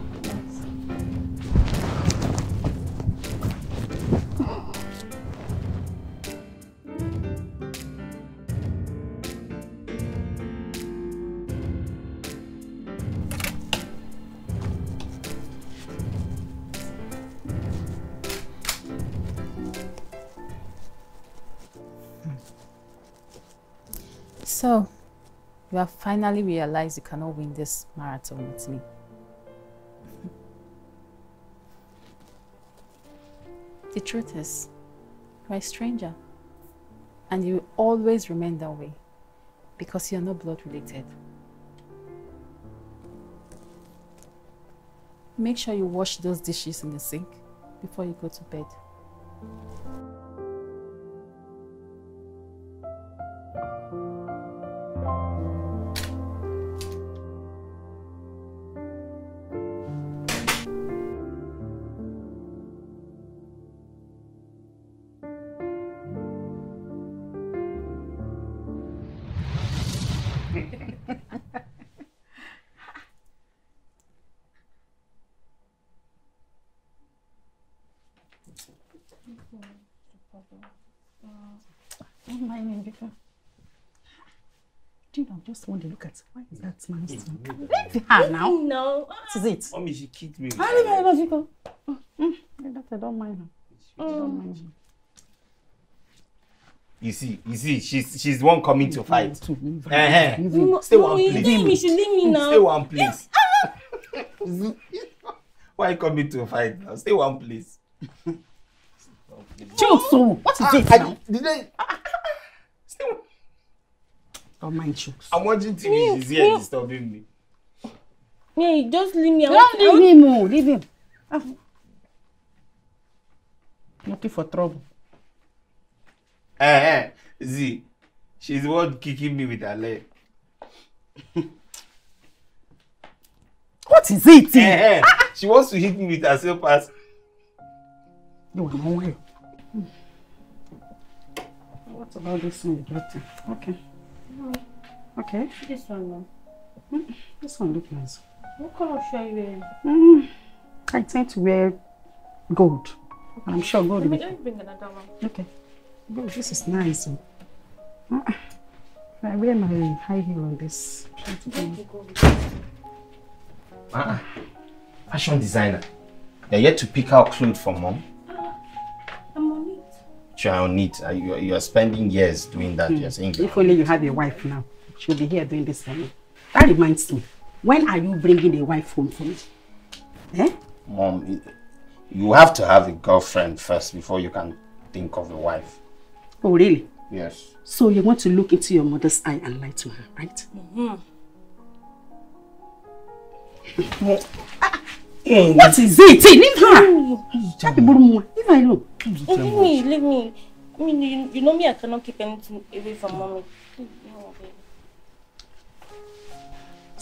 you have finally realized you cannot win this marathon with me. [laughs] the truth is, you're a stranger. And you will always remain that way because you're not blood related. Make sure you wash those dishes in the sink before you go to bed. Dining before. Do you know, just one day look at why is that man sitting? Leave her now. No. What is it? Mommy, she kicked me. I don't know, Chico. Mm, I don't mind her. I don't mind her. You see, you see, she's she's the one coming to fight. Uh-huh. Stay one place. Leave me, she leave me now. Stay one place. [laughs] Why coming to fight now? Stay one place. Chokes, what is ah, this? Did I? of oh, my jokes. I'm watching TV. He's here you, disturbing me. Hey, just leave me. Don't leave him. Oh, leave him. I'm ah. looking for trouble. Eh, eh, Z, she's the one kicking me with her leg. What is it? Eh, eh, she wants to hit me with herself as. No, I'm not well. What about this one Okay. Okay. Hmm, this one, no. Mm, this one looks nice. What color should I wear? Mm, I tend to wear gold. Okay. I'm sure gold. Let me bring another one. Okay. Gold, this is nice. Mm. I wear my high heel on this. Ah, ah, fashion designer. You're yet to pick out clothes for mom? Ah, I'm on it. Ah, you're You are spending years doing that. Mm. You're saying if only you had a wife now she'll be here doing this for me. That reminds me, when are you bringing a wife home for me? Eh? Mom, you have to have a girlfriend first before you can think of a wife. Oh, really? Yes. So you want to look into your mother's eye and lie to her, right? Mm -hmm. What is it? leave her! Leave her alone. Leave me, leave me. I mean, you, you know me, I cannot keep anything away from mommy.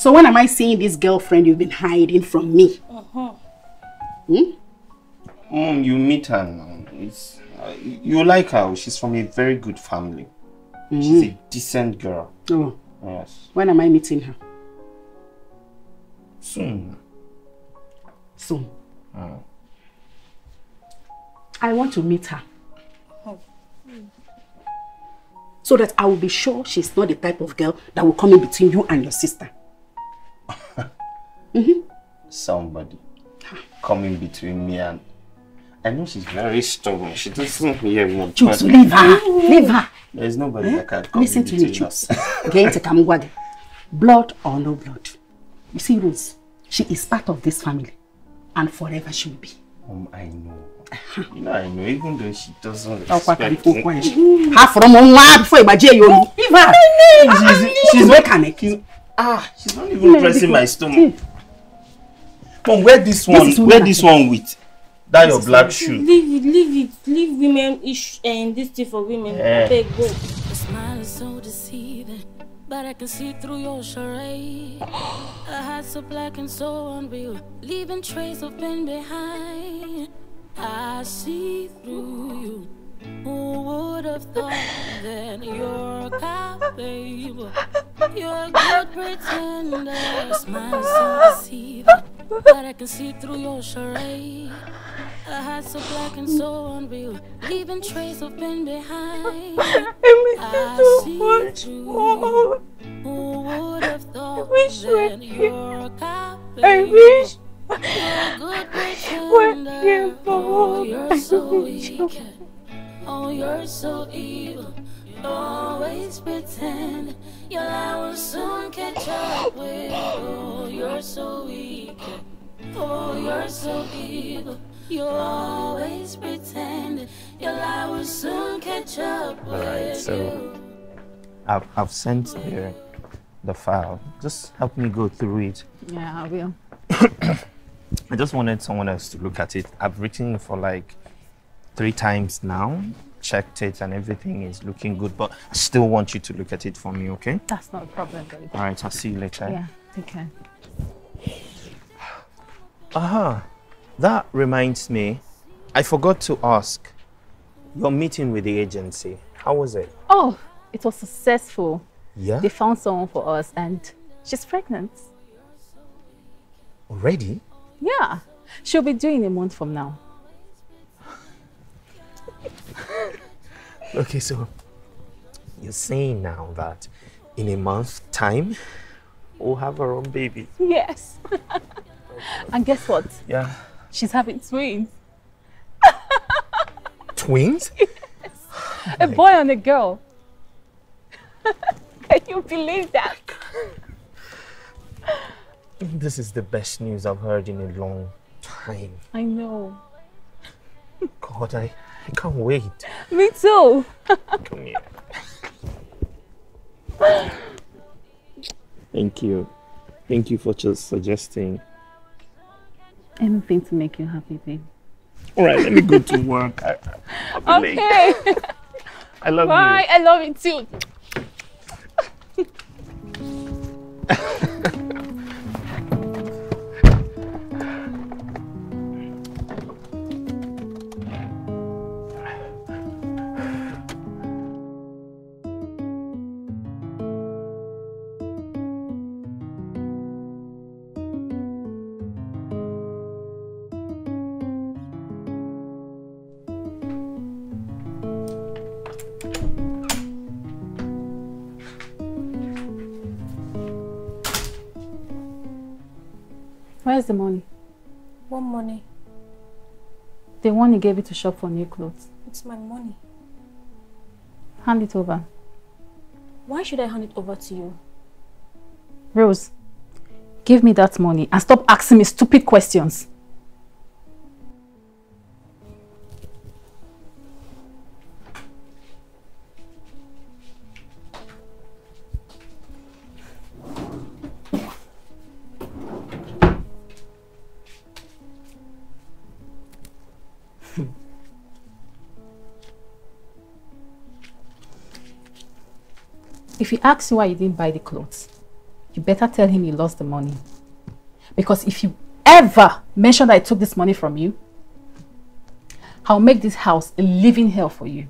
So when am I seeing this girlfriend you've been hiding from me? Uh-huh. Hmm? Mom, you meet her now. It's, uh, you like her. She's from a very good family. Mm -hmm. She's a mm-hmm. decent girl. Oh. Yes. When am I meeting her? Soon. Soon? Oh. I want to meet her. Oh. So that I will be sure she's not the type of girl that will come in between you and your sister. Mm -hmm. Somebody coming between me and... I know she's very stubborn. She doesn't hear me. leave her. Leave her. There's nobody huh? Eh? that can come Listen to me, Chooks. Gente Kamwage. Blood or no blood. You see, Rose, she is part of this family. And forever she will be. Um, I know. Uh-huh. I know, even though she doesn't respect me. Half from one before imagine Yolu. Leave her. She's, she's, she's, she's, ah, she's not even pressing my stomach come wear this one this wear this one with that your black shoe. leave it leave it leave women ish and eh, this thing for women yeah. abeg go. your smile is so deceiving but i can see through your charade a heart so black and so unreal leaving trace of pain behind i see through you. Who would have thought that you're a cop, babe? You're a good pretender. Your smile so deceiving but I can see through your charade. A heart so black and so unreal, leaving trace of pain behind. It makes me so much more. Oh. Who would have thought I wish that you're a copy? I wish. You're a good pretender. [laughs] Oh, you're so weak. Oh, you're so evil. You always pretend. Your I will soon catch up with. you. Oh, you're so weak. Oh, you're so evil. You always pretend. Your lie will soon catch up with. All right, so I've, I've sent the the file. Just help me go through it. Yeah, I will. [coughs] I just wanted someone else to look at it. I've written for like three times now checked it and everything is looking good, but I still want you to look at it for me, okay? That's not a problem, baby. All right, I'll see you later. Yeah, take care. Aha, that reminds me, I forgot to ask. Your meeting with the agency, how was it? Oh, it was successful. Yeah? They found someone for us and she's pregnant. Already? Yeah. She'll be due in a month from now. [laughs] okay, so you're saying now that in a month's time, we'll have our own baby. Yes. [laughs] and guess what? Yeah. She's having twins. [laughs] twins? Yes. Oh a boy God. and a girl. Can you believe that? Oh this is the best news I've heard in a long time. I know. God, I, I can't wait. Me too. Come here. Thank you. Thank you for just suggesting. Anything to make you happy, babe. All right, let me go to work. I, okay. Late. I love Bye. you. Bye. I love you too. [laughs] Where's the money? What money? The one he gave you to shop for new clothes. It's my money. Hand it over. Why should I hand it over to you? Rose, give me that money and stop asking me stupid questions. If he asks you why you didn't buy the clothes, you better tell him you lost the money. Because if you ever mention that I took this money from you, I'll make this house a living hell for you.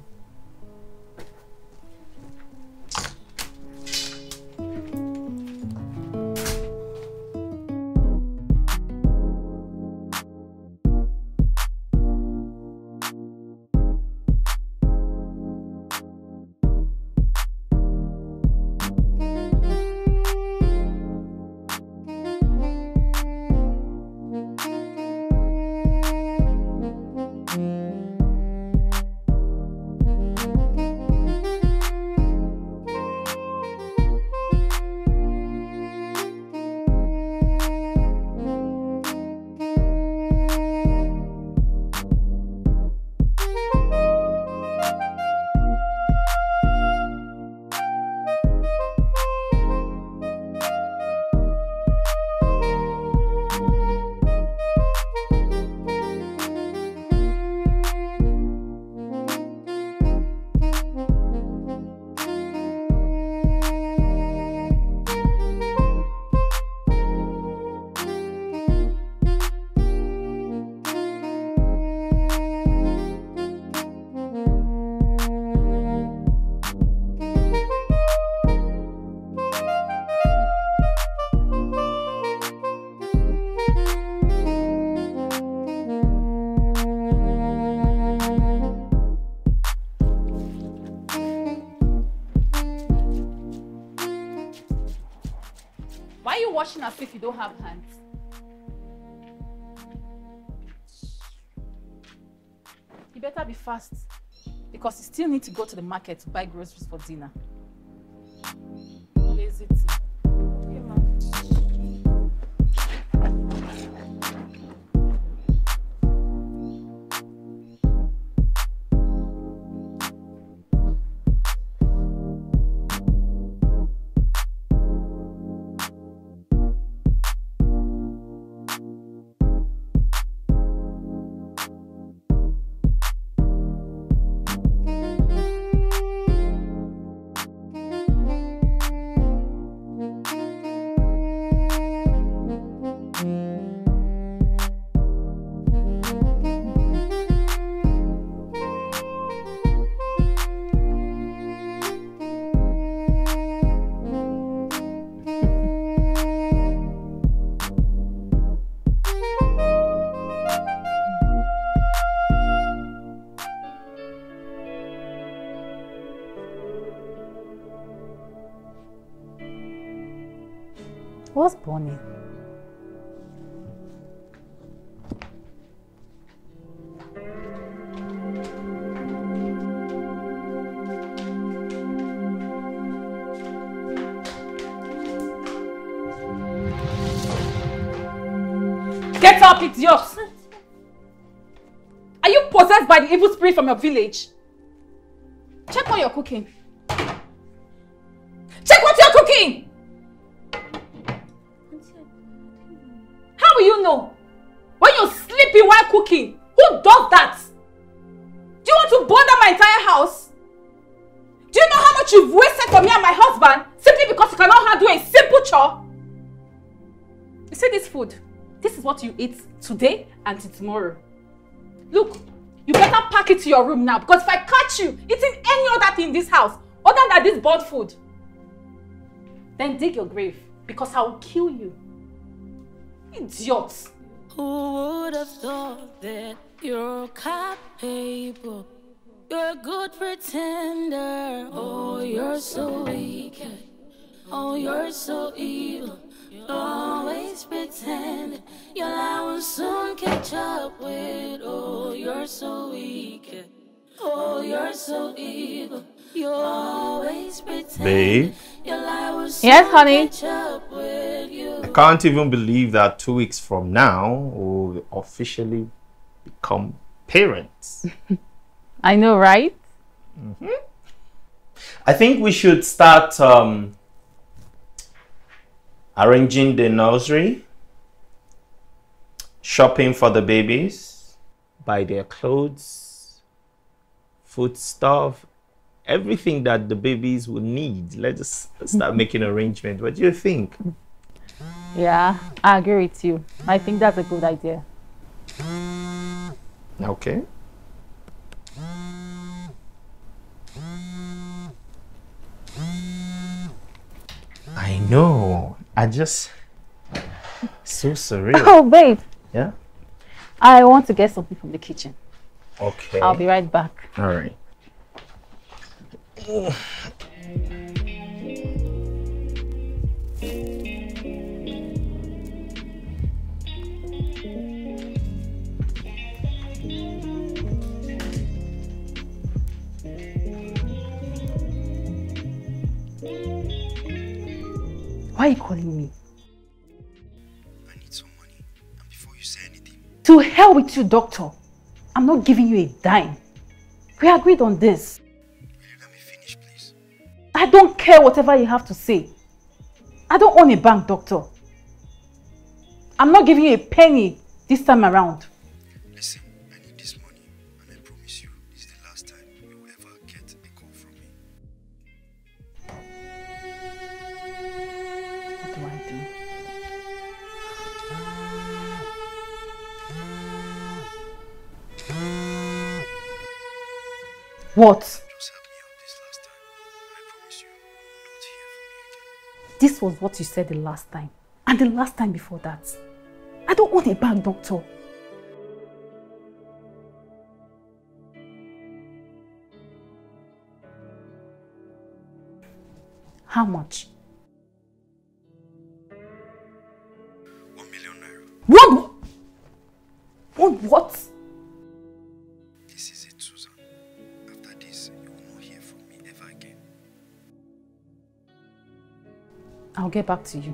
don't have hands. You better be fast because you still need to go to the market to buy groceries for dinner. evil spirit from your village. Check what you're cooking. Check what you're cooking! How will you know? When you're sleeping while cooking, who does that? Do you want to bother my entire house? Do you know how much you've wasted for me and my husband simply because you cannot handle a simple chore? You see this food? This is what you eat today and tomorrow. Look, you better pack it to your room now because if I catch you eating any other thing in this house other than this boiled food, then dig your grave because I will kill you. Idiots. Who would have thought that you're capable? You're a good pretender. Oh, you're so weak. Oh, you're so evil always pretend your lie will soon catch up with. Oh, you're so weak. Oh, you're so evil. You always pretend. Babe. Your lie will soon yes, honey. Catch up with you. I can't even believe that two weeks from now we'll officially become parents. [laughs] I know, right? Mm -hmm. I think we should start um, arranging the nursery, shopping for the babies, buy their clothes, food stuff, everything that the babies will need. Let's just start [laughs] making arrangements. What do you think? Yeah, I agree with you. I think that's a good idea. Okay. I know. I just so surreal. [laughs] Oh, babe. Yeah. I want to get something from the kitchen. Okay. I'll be right back. All right. Why are you calling me? I need some money. And before you say anything... To hell with you, doctor. I'm not giving you a dime. We agreed on this. Will you let me finish, please? I don't care whatever you have to say. I don't own a bank, doctor. I'm not giving you a penny this time around. What? this This was what you said the last time. And the last time before that. I don't want a bad doctor. How much? One million naira. One? One what? I'll get back to you.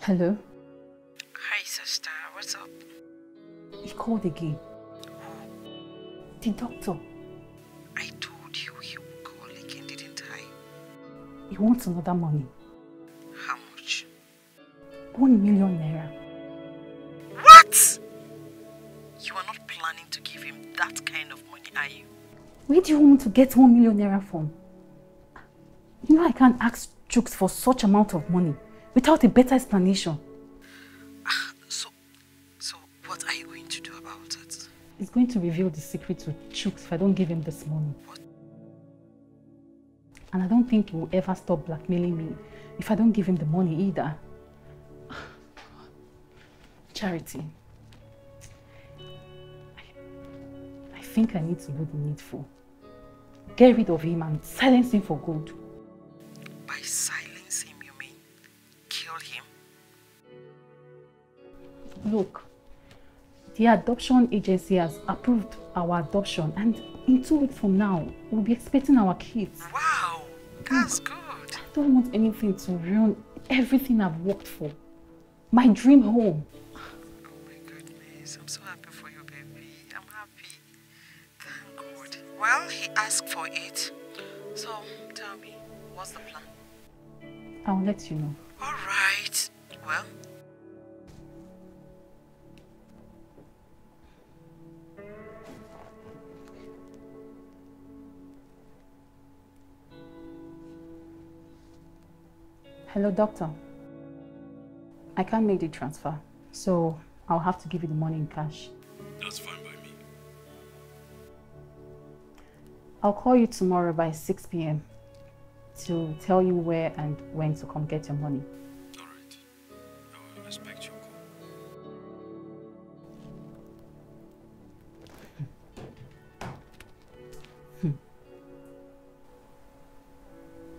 Hello? Hi, sister. What's up? He called again. Oh. The doctor. You want another money? How much? One million naira. What? You are not planning to give him that kind of money, are you? Where do you want to get one million naira from? You know I can't ask Chooks for such amount of money without a better explanation. Ah, so, so what are you going to do about it? He's going to reveal the secret to Chooks if I don't give him this money. What? And I don't think he will ever stop blackmailing me if I don't give him the money either. Charity. I, think I need to do the needful. Get rid of him and silence him for good. By silence him, you mean kill him? Look, the adoption agency has approved our adoption and in two weeks from now, we'll be expecting our kids. That's good. I don't want anything to ruin everything I've worked for. My dream home. Oh my goodness. I'm so happy for you, baby. I'm happy. Thank God. Well, he asked for it. So, tell me, what's the plan? I'll let you know. All right. Well, Hello, doctor. I can't make the transfer, so I'll have to give you the money in cash. That's fine by me. I'll call you tomorrow by 6 p.m. to tell you where and when to come get your money. All right. I will respect your call. he hmm.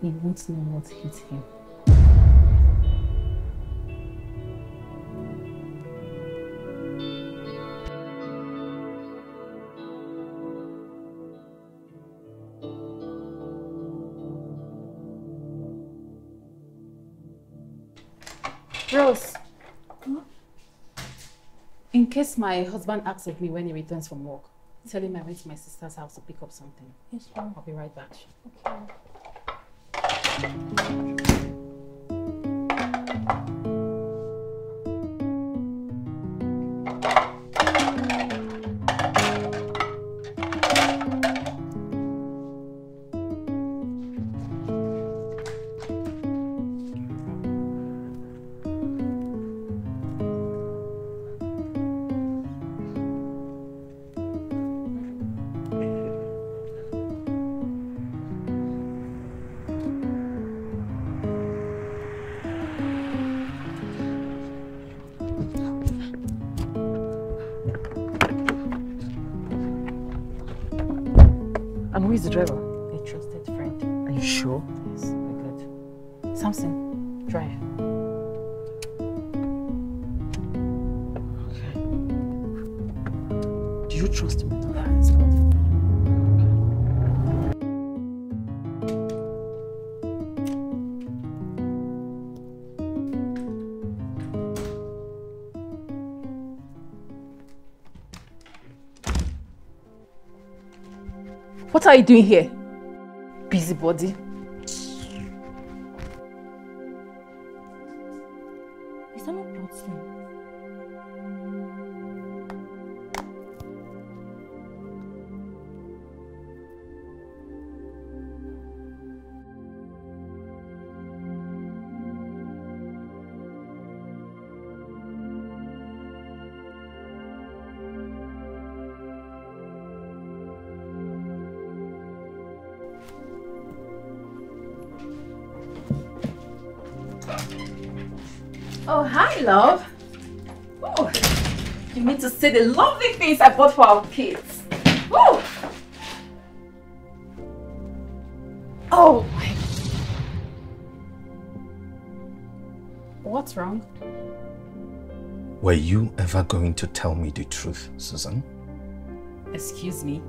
Hmm. won't know what hit him. Yes, my husband asks of me when he returns from work. Tell him I went to my sister's house to pick up something. Yes, ma'am. I'll be right back. Okay. are you doing here? Busybody. Oh, hi, love. Oh, you need to see the lovely things I bought for our kids. Ooh. Oh, my. What's wrong? Were you ever going to tell me the truth, Susan? Excuse me?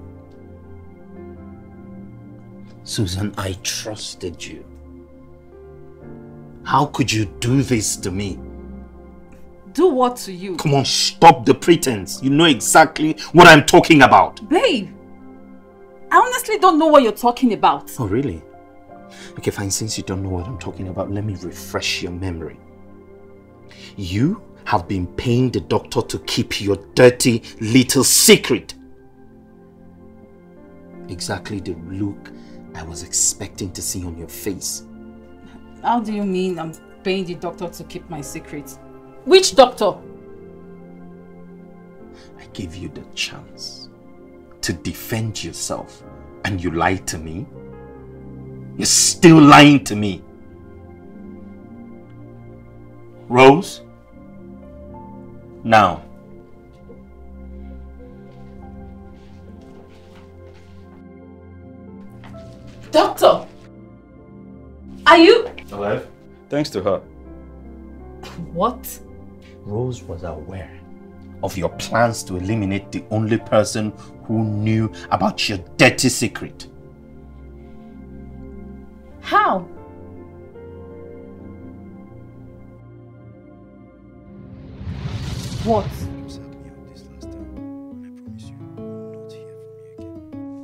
Susan, I trusted you. How could you do this to me? Do what to you? Come on, stop the pretense. You know exactly what I'm talking about. Babe, I honestly don't know what you're talking about. Oh, really? Okay, fine. Since you don't know what I'm talking about, let me refresh your memory. You have been paying the doctor to keep your dirty little secret. Exactly the look I was expecting to see on your face. How do you mean I'm paying the doctor to keep my secret? Which doctor? I gave you the chance to defend yourself and you lied to me? You're still lying to me. Rose? Now. Doctor! Are you... Alive? Thanks to her. What? Rose was aware of your plans to eliminate the only person who knew about your dirty secret. How? What?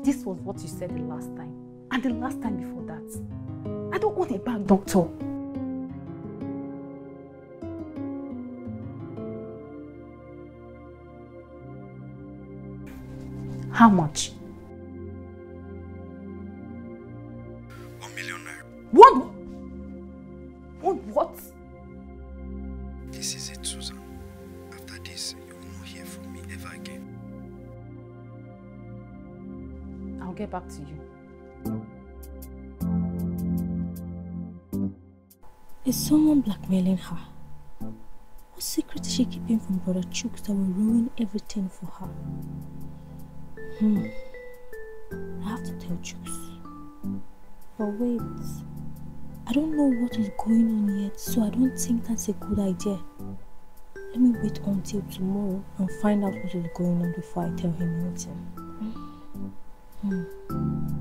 This was what you said the last time, and the last time before that. I don't want a bad doctor. How much? One million naira. One? One what? This is it, Susan. After this, you will not hear from me ever again. I'll get back to you. Is someone blackmailing her? What secret is she keeping from Brother Chuk that will ruin everything for her? Hmm. I have to tell Juice, But wait, I don't know what is going on yet, so I don't think that's a good idea. Let me wait until tomorrow and find out what is going on before I tell him anything. Hmm. hmm.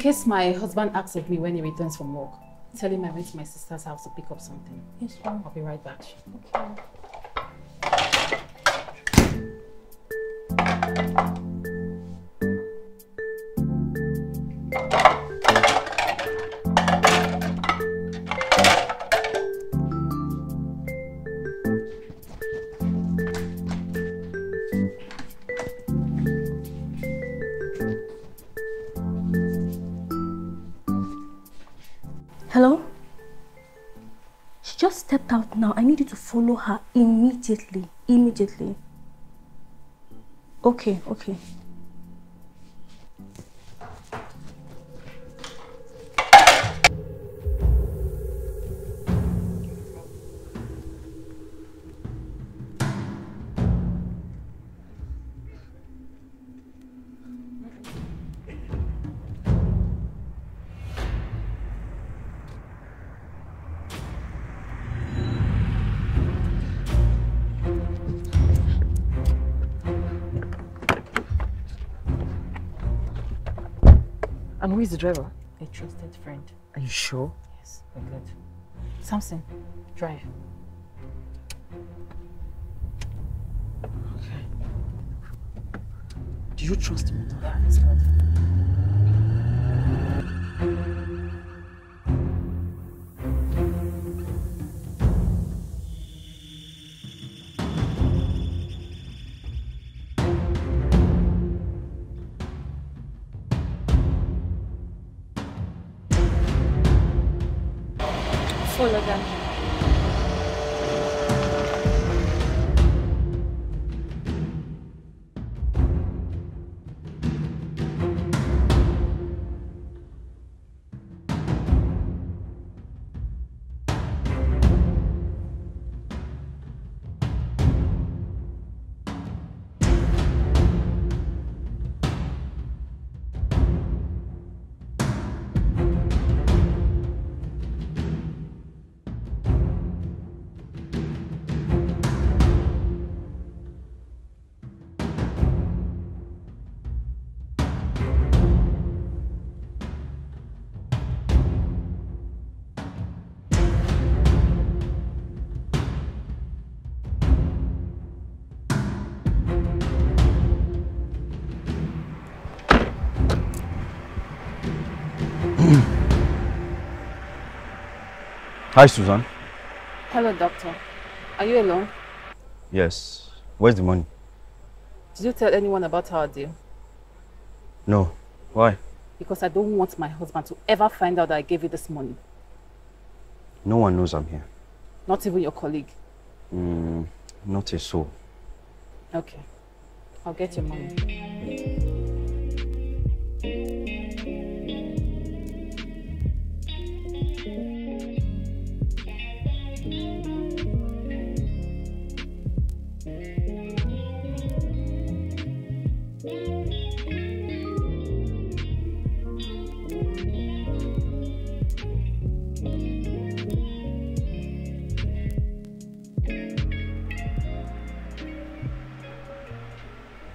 case my husband asks of me when he returns from work, tell him I went to my sister's house to pick up something. Yes, ma'am. I'll be right back. Okay. follow her immediately. Immediately. Okay, okay. the driver? A trusted friend. Are you sure? Yes, we're good. Samson, drive. Okay. Do you trust me? Yeah, it's good. Hi, Susan. Hello, doctor. Are you alone? Yes. Where's the money? Did you tell anyone about our deal? No. Why? Because I don't want my husband to ever find out that I gave you this money. No one knows I'm here. Not even your colleague? Mm, not a soul. Okay. I'll get your money.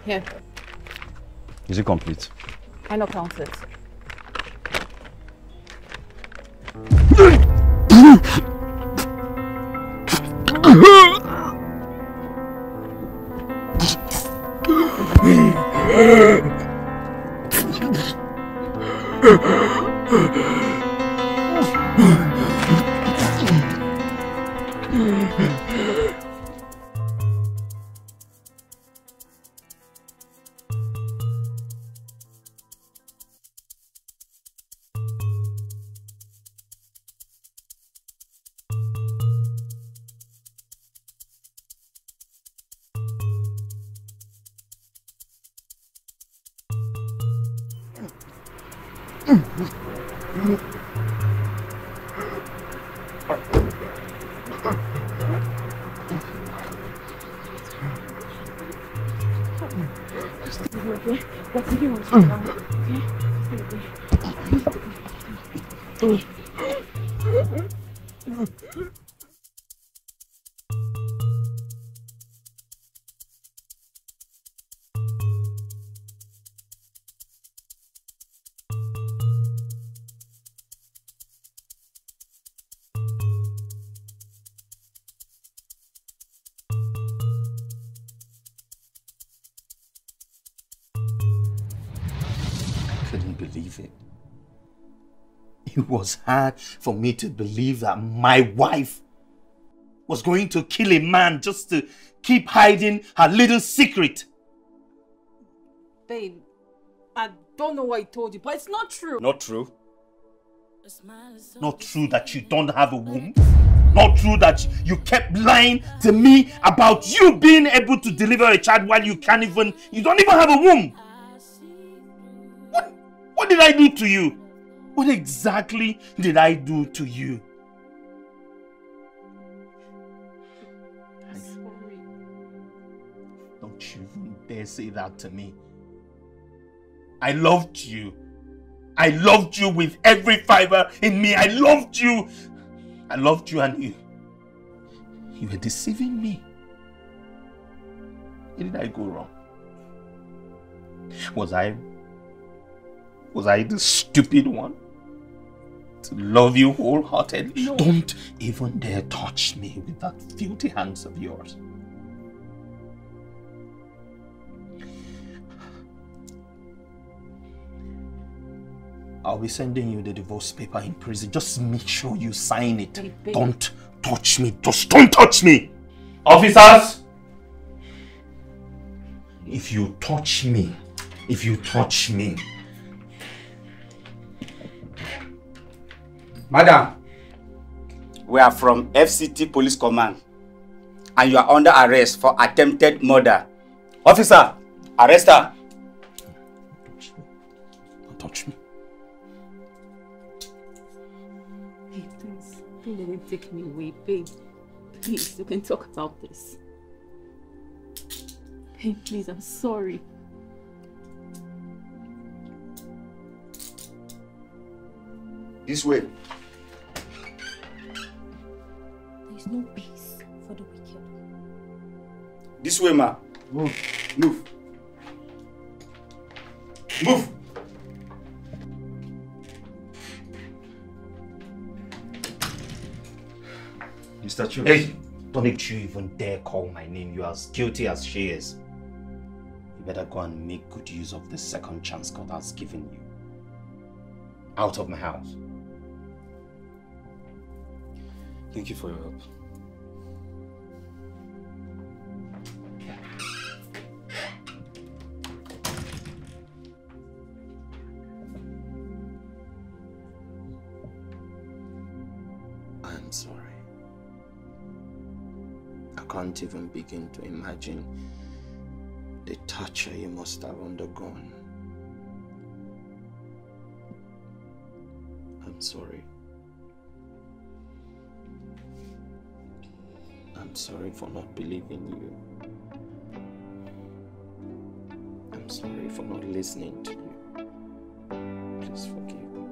Here. Is it complete? I know count it. [laughs] was hard for me to believe that my wife was going to kill a man just to keep hiding her little secret. Babe, I don't know what I told you, but it's not true. Not true? Not true that you don't have a womb? Not true that you kept lying to me about you being able to deliver a child while you can't even, you don't even have a womb? What, what did I do to you? What exactly did I do to you? Sorry. Don't you even dare say that to me. I loved you. I loved you with every fiber in me. I loved you. I loved you and you. You were deceiving me. Where did I go wrong? Was I... Was I the stupid one? love you wholeheartedly. No. Don't even dare touch me with that filthy hands of yours. I'll be sending you the divorce paper in prison. Just make sure you sign it. don't touch me. Just don't touch me. Officers! If you touch me, if you touch me, Madam. We are from FCT Police Command and you are under arrest for attempted murder. Officer, arrest her. Don't touch me. Hey, please, don't let him take me away, babe. Please, we can talk about this. Hey, please, I'm sorry. This way. There is no peace for the wicked. This way, ma. Move. Move. Move. Mr. Chu. Hey! Don't you even dare call my name. You're as guilty as she is. You better go and make good use of the second chance God has given you. Out of my house. Thank you for your help. I'm sorry. I can't even begin to imagine the torture you must have undergone. I'm sorry. I'm sorry for not believing you. I'm sorry for not listening to you. Please forgive me.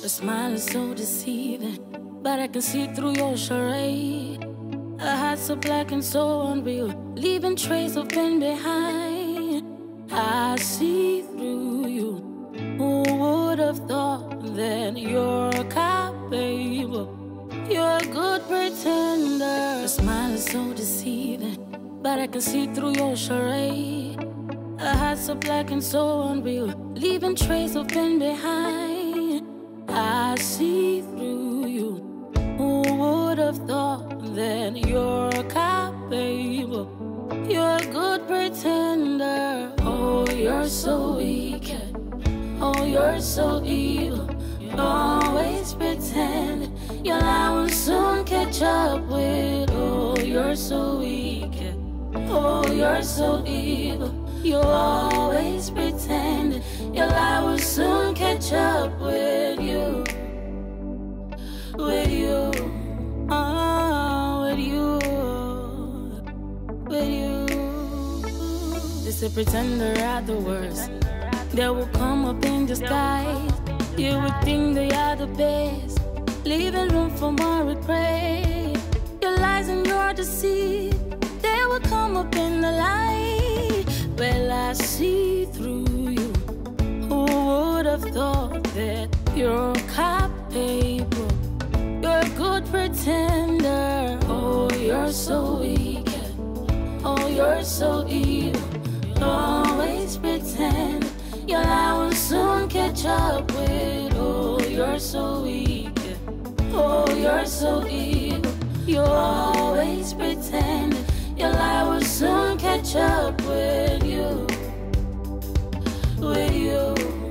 Your smile is so deceiving, but I can see through your charade. A heart so black and so unreal, leaving trace of pain behind. I see. can see through your charade. A heart so black and so unreal, leaving trace of pain behind. I see through you. Who would have thought that you're capable? You're a good pretender. Oh, you're so weak. Oh, you're so evil. You always pretend Your lie will soon catch up. you're so evil. You always pretend your lie will soon catch up with you. With you. Oh, with you. With you. It's a pretender at the worst. They will come up in disguise. You would think they are the best, leaving room for more regret. Your lies and your deceit up in the light. Well, I see through you. Who would have thought that you're capable? You're a good pretender. Oh, you're so weak. Oh, you're so evil. always pretend. Your lie will soon catch up with. Oh, you're so weak. Oh, you're so evil. You always pretend. Your lie will soon catch up with you, with you.